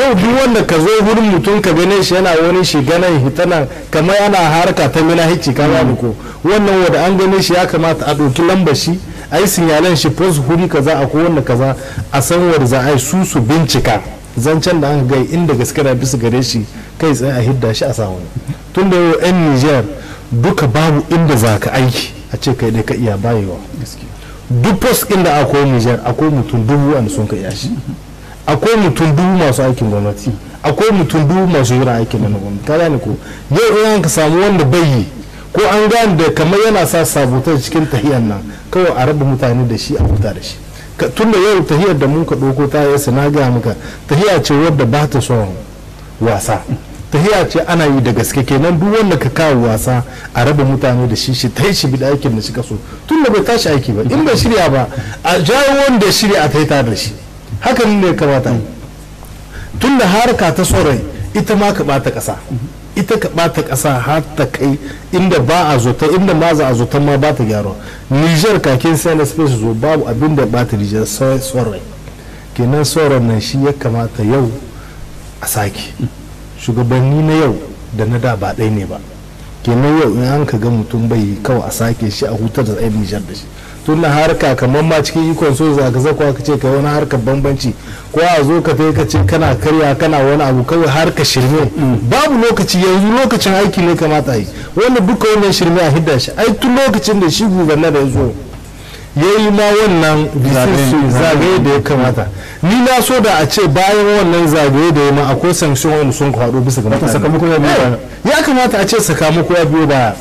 yau duk wanda ka zo gurin mutum ka gane shi yana wani shi ganan hitana kamar yana harka ta mina hici ka ba ko wannan wanda an gane shi ya kamata a ɗauki lambar shi a yi sinyalan shi fos huri kaza a ko wanda kaza a san wanda za a yi su su bincika zancen da an ga inda gaske da bisa gare shi kai tsaye a hidda shi a sa wani tun da yau 'yan niger duka babu inda za ka aiki a ce kai dai ka iya bayewa duk post ɗin da akwai nijar akwai mutum dubu wanda sun ka iya shi akwai mutum dubu masu aikin gwamnati akwai mutum dubu masu yura aikin na gwamnati ka gane ko yau in ka samu wanda bayi ko an gane da kamar yana sa sabutar cikin tahiyar nan kawai a raba mutane da shi a fita da shi tun da yau tahiyar da mun ka ɗauko ta yasa na gaya maka tahiya ce wadda ba ta son wasa tahiya ce ana yi da gaske kenan duk wanda ka kawo wasa a raba mutane da shi shi ta shi bi da aikin da shi kaso tun da bai tashi aiki ba in bai shirya ba a jawo wanda shirya a taita da shi hakan ne ya kamata tun da harka ta tsorai ita ma ka bata kasa ita ka bata kasa har ta kai inda ba a zota inda ma za a zota ma ba ta gyara Niger kakin sai space zo babu abin da ba ta Niger tsorai kenan tsoron nan shi ya kamata yau a sake shugabanni na yau da na da ba ɗai ne ba kenan yau in an ka ga mutum bai kawai a sake shi a hutar da tsayin nijar da shi tun na harka kamar ma cikin ikon so za ka zakwa ka ce kai wani harkar bambanci ko a zo ka kai ka ce kana karya kana wani abu kawai harka shirme babu lokaci yanzu lokacin aiki ne kamata yi wanda duka wannan shirme a hidda shi ai tun lokacin da shi gubernar da ya zo ya yi ma wannan zagaye da ya kamata ni na so da a ce bayan wannan zagaye da ya ma akwai sanction wani sun kwado bisa ga sakamako eh, ya kamata a ce sakamako ya biyo baya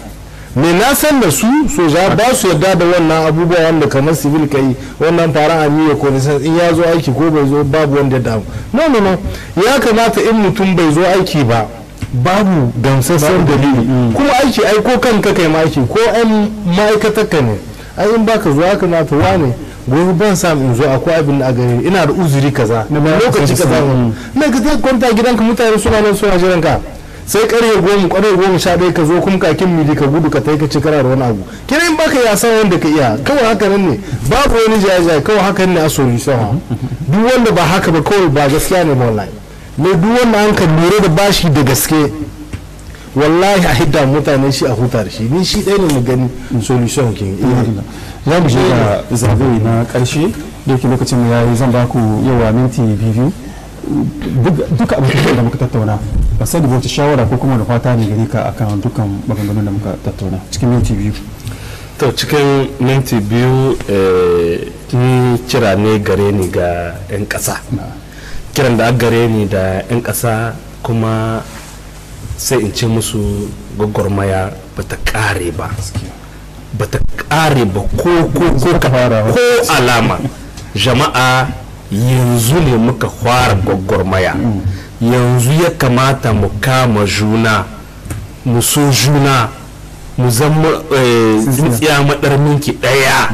me na san da su so za ba su yarda da wannan abubuwa wanda kamar civil kai wannan fara amiya ko nisan in ya zo aiki ko bai zo babu wanda ya no no no ya kamata in mutum bai zo aiki ba babu gamsassan dalili mm. kuma aiki aiko ko kanka kai ma aiki ko an ma'aikatar ka ne ai in baka zuwa ka na to wane gobe ban sam in zo akwai abin a gare ina da uzuri kaza lokaci kaza na ka zai kwanta gidanka mutane suna nan suna jiran ka sai karye goma kwarai goma sha ɗaya ka zo kuma kakin mili ka gudu ka tai ka ci kara da wani abu kira in baka yasa wanda ka iya kawai haka nan ne babu wani jaya kawai haka ne a sori sama duk wanda ba haka ba kawai ba gaskiya ne ba wallahi ne duk wanda an ka lura da bashi da gaske wallahi a hidda mutane shi a huta da shi ni shi ɗaya ne mu gani solution ke za mu je zabe na ƙarshe da yake lokacin ya yi zan baku yawa minti biyu duka abubuwan da muka tattauna ba sai da wata shawara ko kuma da fata ne ka akan dukkan maganganun da muka tattauna cikin minti biyu to cikin minti biyu eh, ni cira ne gare ni ga 'yan ƙasa kiran da gare ni da 'yan ƙasa kuma sai in ce musu gwagwarmaya ba ta kare ba ba ta kare ba ko alama jama'a yanzu ne muka fara gwagwarmaya yanzu ya kamata mu kama juna mu so juna mu zama eh, tsintsiya madar minki daya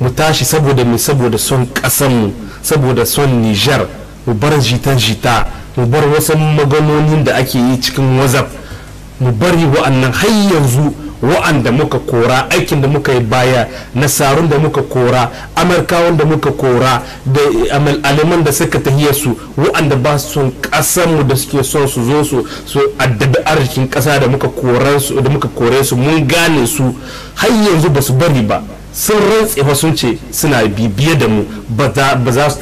mu tashi saboda mu saboda son kasanmu saboda son nijar mu bar jita-jita mu bar wasu maganonin da ake yi cikin wazaf mu bari wa'annan har yanzu wa'anda muka kora aikin da muka yi baya nasarun da muka kora amurkawan da muka kora da aliman da suka tahiyar su wa'anda ba su mu da suke son su zo su su addabi arzikin kasa da muka kore su mun gane su har yanzu ba su bari ba sun rantse sun ce suna bibiye da mu ba za su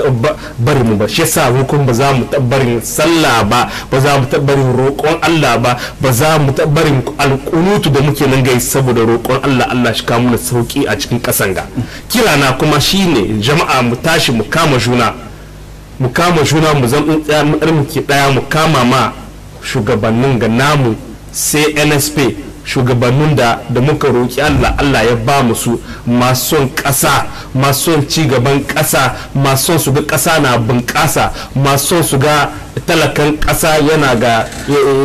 bari mu ba shi yasa hukun ba za mu tabbarin sallah ba ba za mu tabbarin roƙon Allah ba ba za mu tabbarin alƙunutu da muke nan gai saboda roƙon Allah Allah shi kamu mana sauki a cikin ƙasan ga na kuma shine jama'a mu tashi mu kama juna mu kama juna mu zan tsaya mu ɗaya mu kama ma shugabannin ga namu sai NSP shugabannin da da muka roƙi Allah Allah ya ba mu su masu son ƙasa masu son ci gaban ƙasa masu son su ga ƙasa na bunƙasa masu son su ga talakan ƙasa yana ga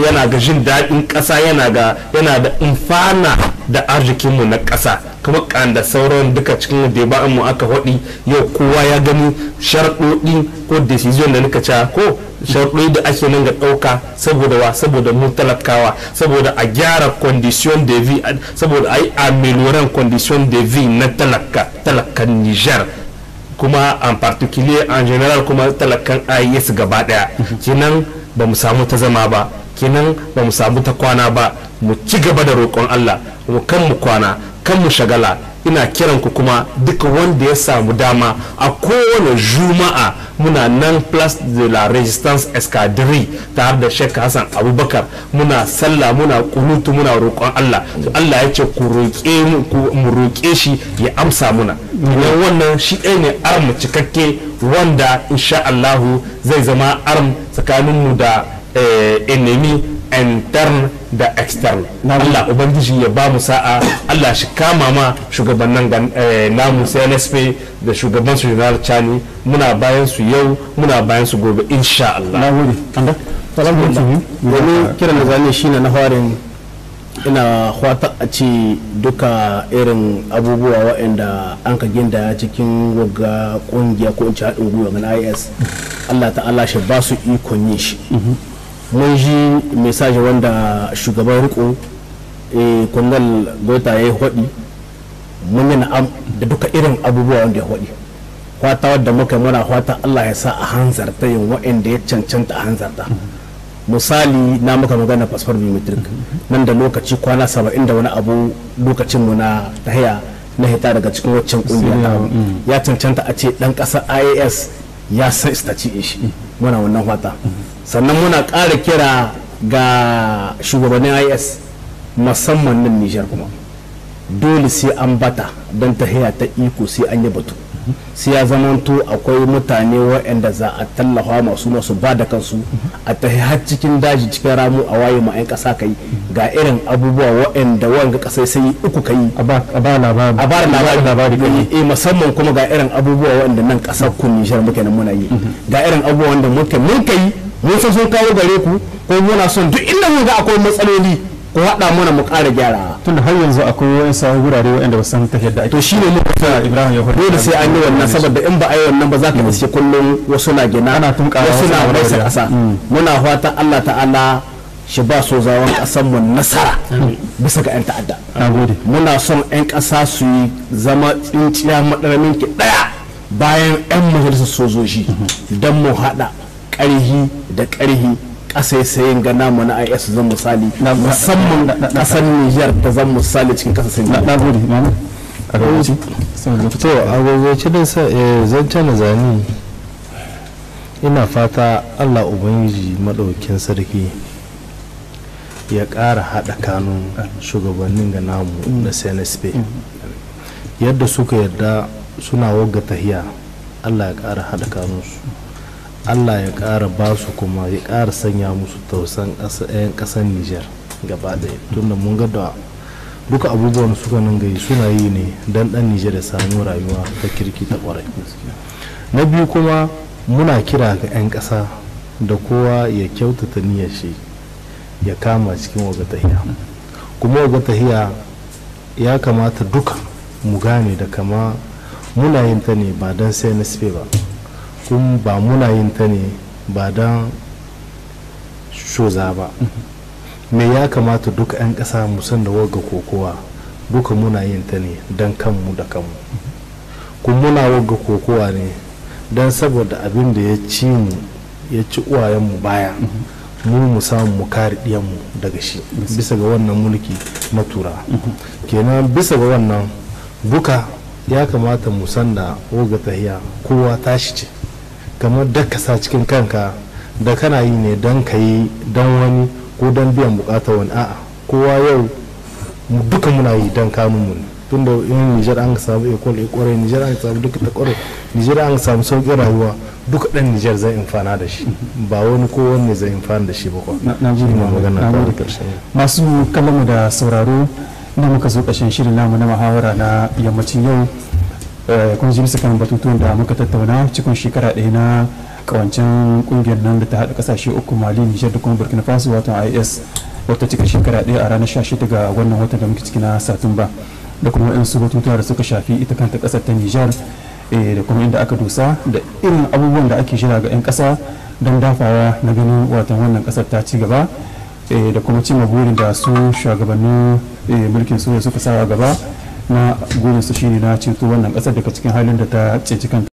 yana ga jin daɗin ƙasa yana ga yana da infana da arzikinmu na ƙasa kamar kanda sauran duka cikin deba'in mu aka haɗi yau kowa ya gani sharɗoɗi ko decision da nika ca ko sharɗoyi da ake nan ga ɗauka saboda wa saboda mu talakawa saboda a gyara condition de vie saboda a yi amelioran condition de vie na talaka talakan nijar kuma en particulier en general kuma talakan ais e gaba daya kenan ba mu samu ta zama ba kinan ba mu samu ta kwana ba mu ci gaba da roƙon allah mu kan mu kwana kan mu shagala ina kiran ku kuma duk wanda ya samu dama a kowane juma'a muna nan plus de la resistance escadri tare da shek hassan abubakar muna sallah muna kunutu muna roƙon allah allah ya ce ku roƙe mu roƙe shi ya amsa muna idan wannan shi ɗaya ne arm cikakke wanda insha allahu zai zama arm mu da eh, enemi intern da extern Allah ubangiji ya ba mu sa'a Allah shi kama ma shugabannin eh, namu CNSP da shugaban su General Chani muna bayan su yau muna bayan su gobe insha Allah nagode kanda salamu domin kiran da zane shine na farin ina hwata a ce duka irin abubuwa waɗanda an ka ginda cikin wagga kungiya ko in ci haɗin gwiwa na IS Allah Allah shi ba su ikon yin shi mhm. mun ji mesaje wanda shugaban riko kwangal eh, gota ya yi hodi mun yi na'am da duka irin abubuwa wanda ya hodi kwata wadda muka muna kwata allah ya sa a hanzarta yin wa'anda ya cancanta a hanzarta misali na muka magana fasfar biometric nan da lokaci kwana saba'in da wani abu lokacinmu na tahiya na hita daga cikin waccan kungiya mm-hmm. ya cancanta a ce dan kasa ias ya san istaci shi muna wannan kwata sannan muna ƙara kira ga shugabannin is musamman nan nijar kuma dole sai an bata don ta ta iko sai an yi batu sai ya to akwai mutane waɗanda za a tallafa masu masu ba da kansu a ta har cikin daji cikin ramu a waye ma 'yan ƙasa kai ga irin abubuwa waɗanda wanga ƙasa sai uku kai a ba labari eh, eh musamman kuma ga irin abubuwa waɗanda nan ƙasar ku nijar muke nan muna yi mhm. ga irin abubuwa wanda muke mun kai mun sun kawo gare ku ko muna son duk inda mun ga akwai matsaloli ko haɗa mana mu kara gyara tunda har yanzu akwai wani sahu gurare wanda ba san ta yadda to shine mun ka Ibrahim ya faɗa dole sai an yi wannan saboda in ba a yi wannan ba za ka mm. iske kullum wasu na gina ana tun wasu na wani ƙasa mm. muna fata Allah ta'ala shi ba so zawon kasan mu nasara bisa ga 'yan ta'adda muna son 'yan kasa su yi zama tsinciya madaramin ki daya. bayan 'yan majalisar sojoji mm-hmm. don mu haɗa ƙarhi da ƙarhi kasaisayin ga namu na is zan misali musamman ƙasar niger da zan misali cikin sai na gode a gabaci to a gabaci da eh, zance na zane ina fata allah ubangiji maɗaukin sarki ya ƙara haɗa kanun shugabannin ga namu na cnsp yadda suka yarda suna wagga tahiya allah ya ƙara haɗa kanunsu allah ya ƙara ba su kuma ya ƙara sanya musu tausan 'yan ƙasar nijar gaba tun da mun ga da duka abubuwan suka nan gai suna yi ne dan ɗan nijar ya samu rayuwa ta kirki ta ƙwarai na biyu kuma muna kira ga 'yan ƙasa da kowa ya kyautata niyyar shi ya kama cikin waga tahiya kuma waga tahiya ya kamata duka mu gane da kama muna yin ta ne ba don sai na ba kun ba muna yin ta ne ba don shoza ba me ya kamata duk 'yan ƙasa musan da waga kokowa duka muna yin ta ne don kanmu da kanmu kun muna waga kokowa ne don saboda abin da ya ci mu ya ci uwayenmu baya mu mu samu mu kare diyanmu daga shi bisa ga wannan mulki na tura kenan bisa ga wannan duka ya kamata mu san da oga tahiya kowa tashi ce kamar da ka sa cikin kanka da kana yi ne don ka yi don wani ko don biyan bukatar wani a'a kowa yau duka muna yi don kamun mu ne da yin Nijar an samu ekol ekore Nijar an samu duka ta kwarai Nijar an samu sauƙin rayuwa duka ɗan Nijar zai amfana da shi ba wani ko wanne zai amfana da shi ba kwa na magana ta karshen masu kallon da sauraro na muka zo ƙashin shirin namu na muhawara na yammacin yau Eh, kun ji bisa kan batutuwan da muka tattauna cikin shekara ɗaya na kawancin kungiyar nan da ta haɗa kasashe uku mali nijar da kuma burkina faso wato is wata cika shekara ɗaya a ranar 16 ga wannan watan da muke ciki na satumba da kuma in su batutuwa da suka shafi ita kanta ƙasar ta nijar eh, da kuma inda aka dusa da irin abubuwan da ake shira ga 'yan ƙasa don dafawa na ganin watan wannan ƙasar ta ci gaba eh, da kuma cimma burin da su shugabannin mulkin soja suka sa gaba na su shi ne na ceto wannan kasar daga cikin halin da ta ceci kanta